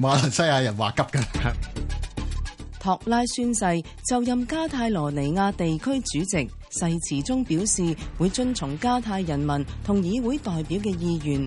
馬來西亞人話急㗎。 托拉宣誓就任加泰羅尼亞地區主席，誓詞中表示會遵從加泰人民同議會代表嘅意願。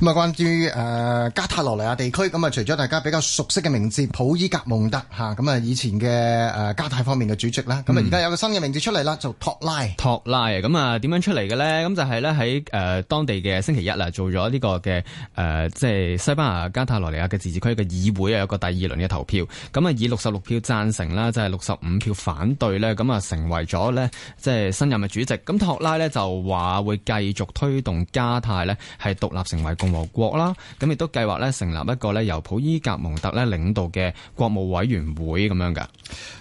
咁啊，關於誒加泰羅尼亞地區，咁啊，除咗大家比較熟悉嘅名字普伊格蒙特吓，咁啊，以前嘅誒加泰方面嘅主席啦，咁啊、嗯，而家有個新嘅名字出嚟啦，就托拉。托拉啊，咁啊，點樣出嚟嘅咧？咁就係咧喺誒當地嘅星期一啦，做咗呢、這個嘅誒，即、呃、係、就是、西班牙加泰羅尼亞嘅自治區嘅議會啊，有個第二輪嘅投票，咁啊，以六十六票贊成啦，就係六十五票反對咧，咁啊，成為咗咧即係新任嘅主席。咁托拉咧就話會繼續推動加泰咧係獨立成為和國啦，咁亦都計劃咧成立一個咧由普伊格蒙特咧領導嘅國務委員會咁樣嘅。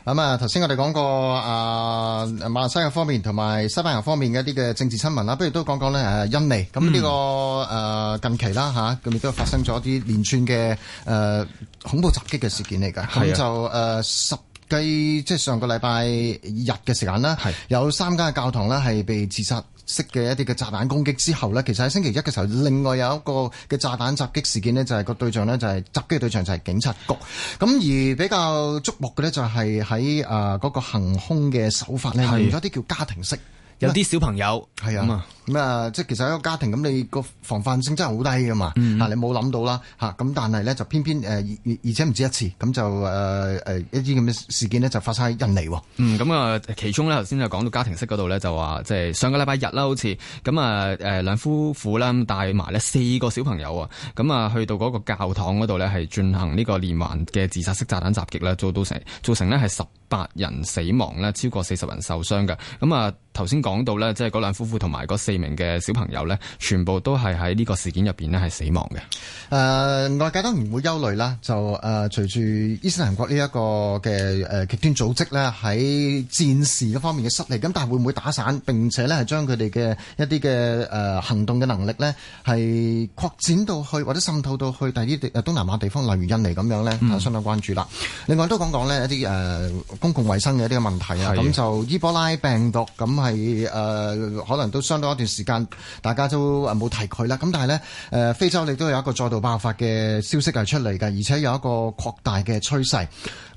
咁啊，頭先我哋講過啊馬來西亞方面同埋西班牙方面嘅一啲嘅政治新聞啦，不如都講講咧誒，印尼咁呢、這個誒、嗯啊、近期啦吓，咁、啊、亦都發生咗一啲連串嘅誒、啊、恐怖襲擊嘅事件嚟㗎。咁就誒是的、啊、十幾，即係上個禮拜日嘅時間啦，是的 有三間教堂呢係被自殺式嘅一啲嘅炸彈攻擊之後咧，其實喺星期一嘅時候，另外有一個嘅炸彈襲擊事件咧，就係、是、個對象咧、就是，就係襲擊對象就係警察局。咁而比較矚目嘅咧，就係喺誒嗰個行兇嘅手法咧，用咗啲叫家庭式。有啲小朋友係啊，咁啊，即係其實一個家庭咁，你個防範性真係好低噶嘛，吓、嗯、你冇諗到啦，吓咁但係咧就偏偏誒、呃、而且唔止一次，咁就誒誒一啲咁嘅事件呢，就發生喺印尼，嗯，咁啊，其中咧頭先就講到家庭式嗰度咧就話，即、就、係、是、上個禮拜日啦，好似咁啊，誒兩夫婦啦帶埋咧四個小朋友啊，咁啊去到嗰個教堂嗰度咧係進行呢個連環嘅自殺式炸彈襲擊啦，做到成造成呢係十。八人死亡呢，超過四十人受傷嘅。咁啊，頭先講到呢，即係嗰兩夫婦同埋嗰四名嘅小朋友呢，全部都係喺呢個事件入邊呢，係死亡嘅。誒、呃，外界當然唔會憂慮啦。就誒、呃，隨住伊斯蘭國呢一個嘅誒極端組織呢，喺戰事嘅方面嘅失利，咁但係會唔會打散並且呢，係將佢哋嘅一啲嘅誒行動嘅能力呢，係擴展到去或者滲透到去第二啲東南亞地方，例如印尼咁樣呢，係相當關注啦。嗯、另外都講講呢一啲誒。呃公共衛生嘅一啲嘅問題啊，咁是的 就伊波拉病毒，咁係誒可能都相當一段時間，大家都冇提佢啦。咁但係咧，誒、呃、非洲你都有一個再度爆發嘅消息係出嚟㗎，而且有一個擴大嘅趨勢。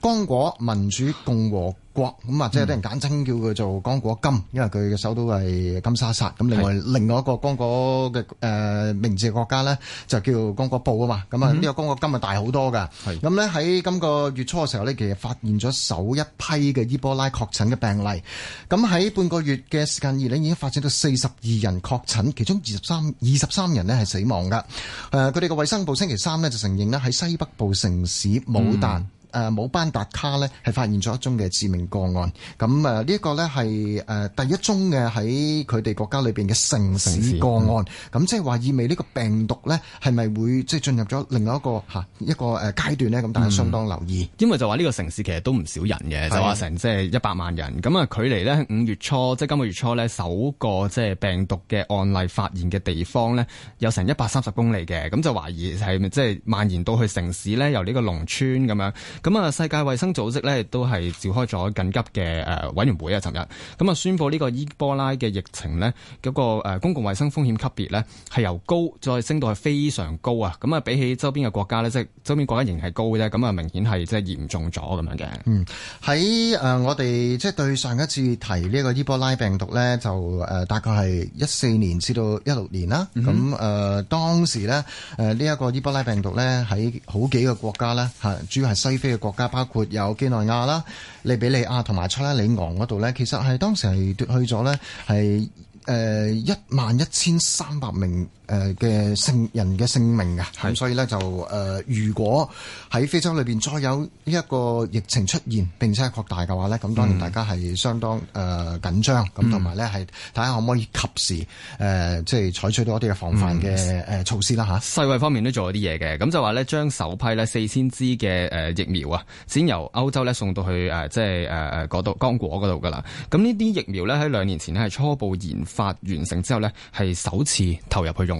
剛果民主共和國，咁或者有啲人簡稱叫佢做剛果金，因為佢嘅首都係金沙薩。咁另外是另外一個剛果嘅誒、呃，名字嘅國家呢，就叫剛果布啊嘛。咁啊，呢個剛果金啊大好多噶。咁呢喺今個月初嘅時候呢，其實發現咗首一批嘅伊波拉確診嘅病例。咁喺半個月嘅時間以嚟，已經發展到四十二人確診，其中二十三二十三人呢係死亡噶。誒、呃，佢哋嘅衛生部星期三呢就承認呢喺西北部城市武旦。嗯誒冇、呃、班達卡咧，係發現咗一宗嘅致命個案。咁誒，呢一個咧係第一宗嘅喺佢哋國家裏面嘅城市個案。咁、嗯、即係話意味呢個病毒咧係咪會即係進入咗另外一個、啊、一個誒階段咧？咁大家相當留意。嗯、因為就話呢個城市其實都唔少人嘅，的就話成即係一百萬人。咁啊，距離咧五月初即係、就是、今個月初咧首個即係病毒嘅案例發現嘅地方咧，有成一百三十公里嘅。咁就懷疑係咪即係蔓延到去城市咧，由呢個農村咁樣。咁啊，世界衛生組織咧亦都係召開咗緊急嘅誒委員會啊，尋日咁啊，宣布呢個伊波拉嘅疫情咧嗰個誒公共衛生風險級別咧係由高再升到係非常高啊！咁啊，比起周邊嘅國家咧，即係周邊國家仍係高啫，咁啊，明顯係即係嚴重咗咁樣嘅。嗯，喺誒我哋即係對上一次提呢個伊波拉病毒咧，就誒大概係一四年至到一六年啦。咁誒、嗯哼呃、當時咧誒呢一個伊波拉病毒咧喺好幾個國家咧吓主要係西非。嘅國家包括有幾內亞啦、利比里亞同埋塞拉利昂嗰度咧，其實係當時係奪去咗咧，係誒、呃、一萬一千三百名。誒嘅性人嘅性命嘅，咁是所以咧就誒、呃、如果喺非洲裏邊再有呢一個疫情出現並且擴大嘅話咧，咁當然大家係相當誒緊張，咁同埋咧係睇下可唔可以及時誒即係採取多啲嘅防範嘅誒措施啦吓、嗯啊、世衛方面都做咗啲嘢嘅，咁就話咧將首批咧四千支嘅誒疫苗啊，先由歐洲咧送到去誒、呃、即係誒誒嗰度剛果嗰度噶啦。咁呢啲疫苗咧喺兩年前咧係初步研發完成之後咧，係首次投入去用。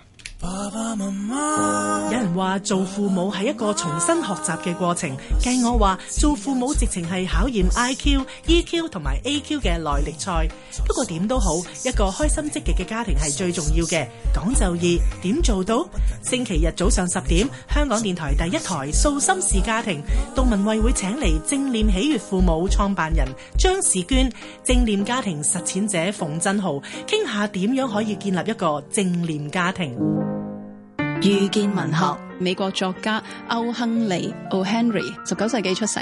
爸爸媽媽，有人話做父母係一個重新學習嘅過程，計我話做父母直情係考驗 I Q、E Q 同埋 A Q 嘅耐力賽。不過點都好，一個開心積極嘅家庭係最重要嘅。講就易，點做到？星期日早上十點，香港電台第一台《素心事家庭》杜文慧會請嚟正念喜悅父母創辦人張仕娟、正念家庭實踐者馮真豪，傾下點樣可以建立一個正念家庭。遇見文學，文學，美國作家歐亨利 （O. Henry） 十九世紀出世，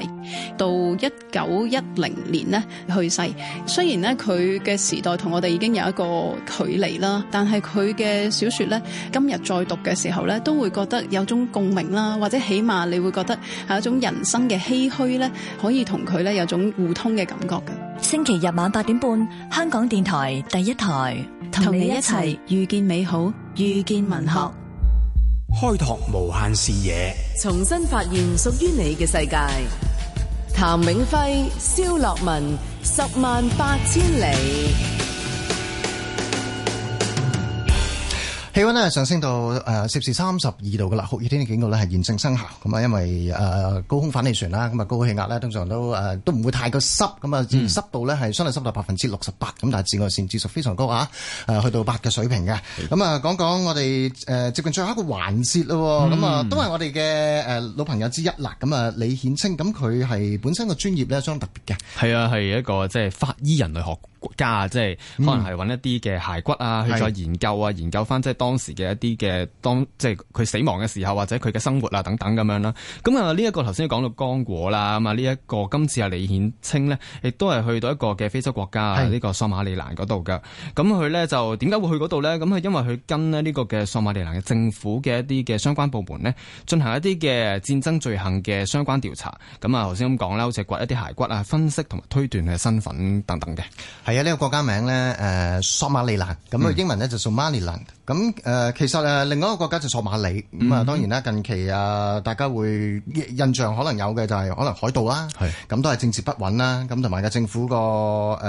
到一九一零年呢去世。雖然呢佢嘅時代同我哋已經有一個距離啦，但係佢嘅小說呢，今日再讀嘅時候呢，都會覺得有種共鳴啦，或者起碼你會覺得係一種人生嘅唏嘘呢，可以同佢呢有種互通嘅感覺嘅。星期日晚八點半，香港電台第一台同你一齊遇見美好，遇見文學。開拓無限視野，重新發現屬於你嘅世界譚輝。譚永輝、蕭樂文，十萬八千里。氣温呢上升到誒攝氏三十二度嘅啦，酷熱天氣警告呢係現正生效。咁啊，因為誒、呃、高空反氣旋啦，咁啊高氣壓呢通常都誒、呃、都唔會太過濕，咁啊濕度呢係相對濕度百分之六十八，咁但係紫外線指數非常高啊，誒去到八嘅水平嘅。咁啊是的，講講我哋誒、呃、接近最後一個環節咯，咁啊、嗯、都係我哋嘅誒老朋友之一啦。咁啊李顯清，咁佢係本身個專業呢相當特別嘅、啊，係啊係一個即係法醫人類學。國家啊，即係可能係揾一啲嘅骸骨啊，嗯、去再研究啊，研究翻即係當時嘅一啲嘅當，即係佢死亡嘅時候或者佢嘅生活啊等等咁樣啦。咁啊，呢一個頭先講到剛果啦，咁啊呢一個今次啊李顯清呢，亦都係去到一個嘅非洲國家呢是個索馬利蘭嗰度嘅。咁佢呢，就點解會去嗰度呢？咁佢因為佢跟呢個嘅索馬利蘭嘅政府嘅一啲嘅相關部門呢，進行一啲嘅戰爭罪行嘅相關調查。咁啊頭先咁講啦，好似掘一啲骸骨啊，分析同埋推斷佢身份等等嘅。係啊，呢個國家名咧，誒索馬利蘭，咁啊英文咧就索馬利蘭。咁誒其實誒另外一個國家就索馬里，咁啊當然啦，近期啊大家會印象可能有嘅就係可能海盜啦，咁都係政治不穩啦，咁同埋個政府個誒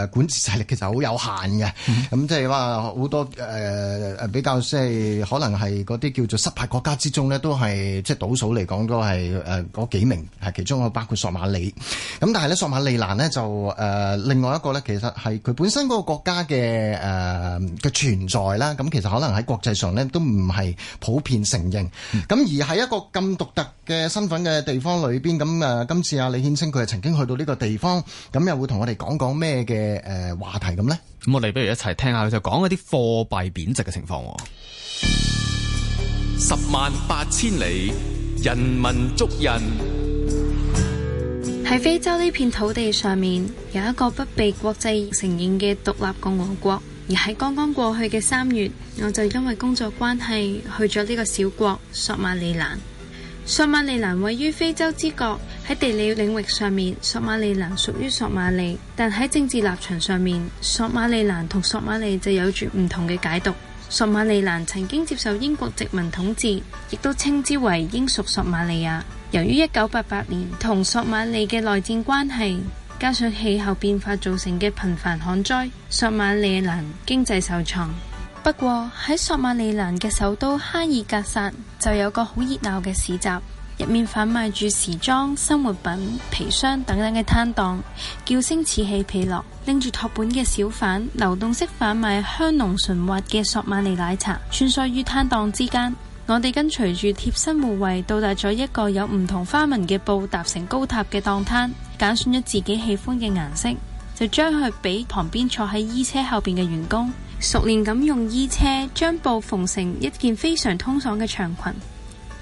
管治勢力其實好有限嘅。咁即係話好多誒比較即係可能係嗰啲叫做失敗國家之中咧，都係即係倒數嚟講都係誒嗰幾名係其中，包括索馬里。咁但係咧索馬利蘭咧就誒另外一個咧其實係。本身嗰個國家嘅誒嘅存在啦，咁其實可能喺國際上咧都唔係普遍承認。咁、嗯、而喺一個咁獨特嘅身份嘅地方裏邊，咁誒、呃、今次阿李顯稱佢係曾經去到呢個地方，咁又會同我哋講講咩嘅誒話題咁咧？咁我哋不如一齊聽下佢就講一啲貨幣貶值嘅情況。十萬八千里，人民捉人。」喺非洲呢片土地上面，有一個不被國際承認嘅獨立共和國。而喺剛剛過去嘅三月，我就因為工作關係去咗呢個小國索馬里蘭。索馬里蘭位於非洲之角，喺地理領域上面，索馬里蘭屬於索馬里。但喺政治立場上面，索馬里蘭同索馬里就有住唔同嘅解讀。索馬里蘭曾經接受英國殖民統治，亦都稱之為英屬索馬里亞。由於一九八八年同索馬里嘅內戰關係，加上氣候變化造成嘅頻繁旱災，索馬里蘭經濟受創。不過喺索馬里蘭嘅首都哈爾格薩就有個好熱鬧嘅市集，入面販賣住時裝、生活品、皮箱等等嘅攤檔，叫聲此起彼落，拎住托盤嘅小販流動式販賣香濃純滑嘅索馬里奶茶，穿梭於攤檔之間。我哋跟隨住貼身護衛到達咗一個有唔同花紋嘅布搭成高塔嘅檔攤，揀選咗自己喜歡嘅顏色，就將佢俾旁邊坐喺衣車後邊嘅員工，熟練咁用衣車將布縫成一件非常通爽嘅長裙。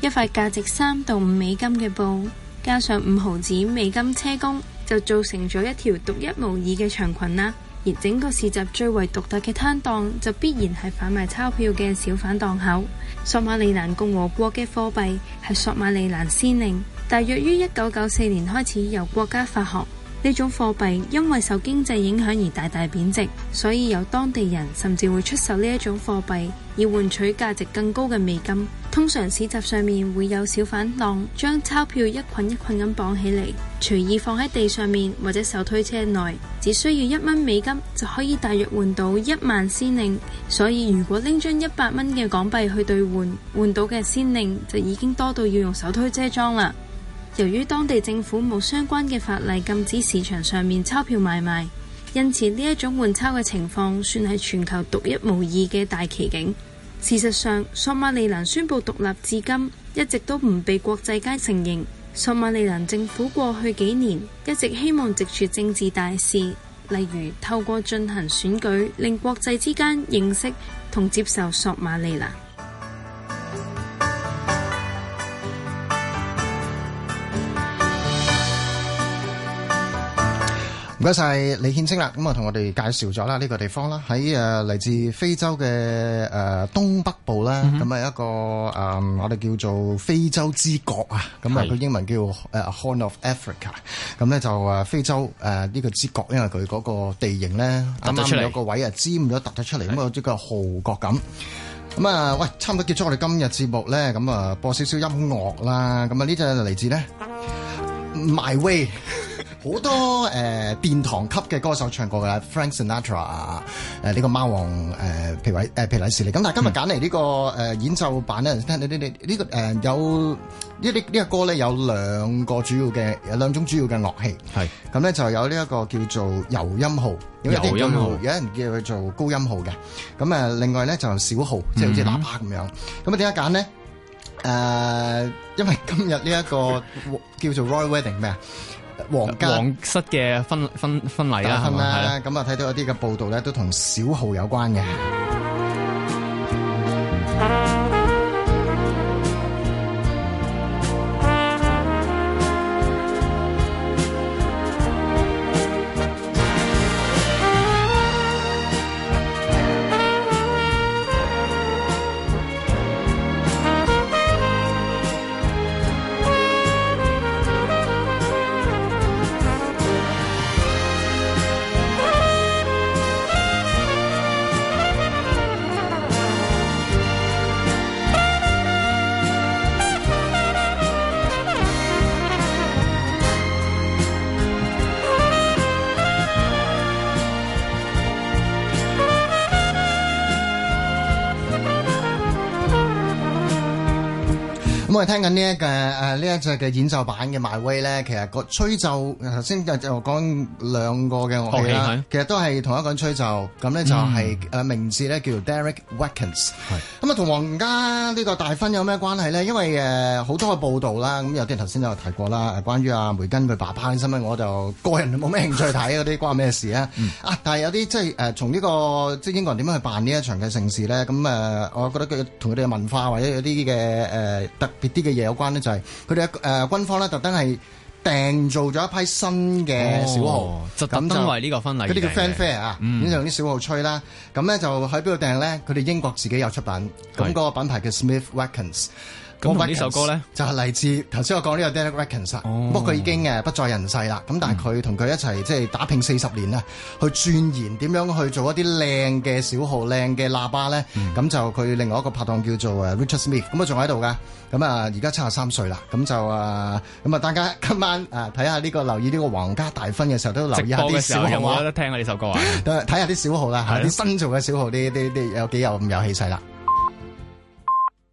一塊價值三到五美金嘅布，加上五毫子美金車工，就做成咗一條獨一無二嘅長裙啦。而整個市集最為獨特嘅攤檔，就必然係販賣鈔票嘅小販檔口。索馬里蘭共和國嘅貨幣係索馬里蘭先令，大約於一九九四年開始由國家發行。呢種貨幣因為受經濟影響而大大貶值，所以有當地人甚至會出售呢一種貨幣以換取價值更高嘅美金。通常市集上面會有小販檔，將鈔票一捆一捆咁綁起嚟，隨意放喺地上面或者手推車內，只需要一蚊美金就可以大約換到一萬先令。所以如果拎張一百蚊嘅港幣去兌換，換到嘅先令就已經多到要用手推車裝啦。由於當地政府冇相關嘅法例禁止市場上面鈔票買賣，因此呢一種換鈔嘅情況算係全球獨一無二嘅大奇景。事實上，索馬利蘭宣布獨立至今一直都唔被國際間承認。索馬利蘭政府過去幾年一直希望藉住政治大事，例如透過進行選舉，令國際之間認識同接受索馬利蘭。唔該晒李憲清啦，咁啊同我哋介紹咗啦呢個地方啦，喺誒嚟自非洲嘅誒東北部啦，咁啊、mm hmm. 一個誒、嗯、我哋叫做非洲之角啊，咁啊佢英文叫誒 Horn of Africa，咁咧就誒非洲誒呢、呃這個之角，因為佢嗰個地形咧突出嚟有個位啊尖咗突咗出嚟，咁啊好似個號角咁。咁、嗯、啊，喂，差唔多結束我哋今日節目咧，咁啊播少少音樂啦，咁啊呢隻嚟自咧 My Way。好多誒殿堂級嘅歌手唱過㗎啦，Frank Sinatra 啊，誒呢個貓王誒皮偉誒皮禮士利。咁但係今日揀嚟呢個誒演奏版咧，聽你你你呢個誒有呢啲呢個歌咧有兩個主要嘅有兩種主要嘅樂器係咁咧，就有呢一個叫做柔音號，有啲叫號，有人叫佢做高音號嘅。咁啊另外咧就小號，即係好似喇叭咁樣。咁啊點解揀咧？誒，因為今日呢一個叫做 Royal Wedding 咩啊？皇家皇室嘅婚婚婚禮啦，係嘛？咁啊，睇吧到一啲嘅報道咧，都同小號有關嘅。 因為聽緊呢一嘅呢一隻嘅演奏版嘅《My Way》咧，其實個吹奏頭先就講兩個嘅樂器啦，戲其實都係同一個吹奏。咁咧、嗯、就係名字咧叫做 Derek Watkins。咁啊是，同皇家呢個大婚有咩關係咧？因為好、呃、多嘅報道啦，咁有啲人頭先都有提過啦。關於阿梅根佢爸爸嘅新聞，我就個人冇咩興趣睇嗰啲， 關咩事啊？嗯、啊！但係有啲即係誒，從呢、呢個即係英國人點樣去辦呢一場嘅盛事咧？咁、呃、我覺得佢同佢哋嘅文化或者有啲嘅、呃、特別。啲嘅嘢有關咧，就係佢哋誒軍方咧特登係訂做咗一批新嘅小號，咁因、哦、為呢個婚禮，佢哋叫 fanfare 啊、嗯，咁就用啲小號吹啦。咁咧就喺邊度訂咧？佢哋英國自己有出品，咁、那、嗰個品牌叫 Smith Watkins。咁呢首歌咧 就係嚟自頭先我講呢個 Derek Watkins，不過佢已經誒不在人世啦。咁但係佢同佢一齊即係打拼四十年咧，去鑽研點樣去做一啲靚嘅小號、靚嘅喇叭咧。咁、嗯、就佢另外一個拍檔叫做 Richard Smith，咁啊仲喺度噶。咁啊而家七十三歲啦。咁就啊，咁啊大家今晚啊睇下呢個留意呢個皇家大婚嘅時候，都留意一下啲小號。直播嘅時候有，有都聽啊？呢首歌啊，睇下啲小號啦，啲新做嘅小號啲啲啲有幾有咁有氣勢啦。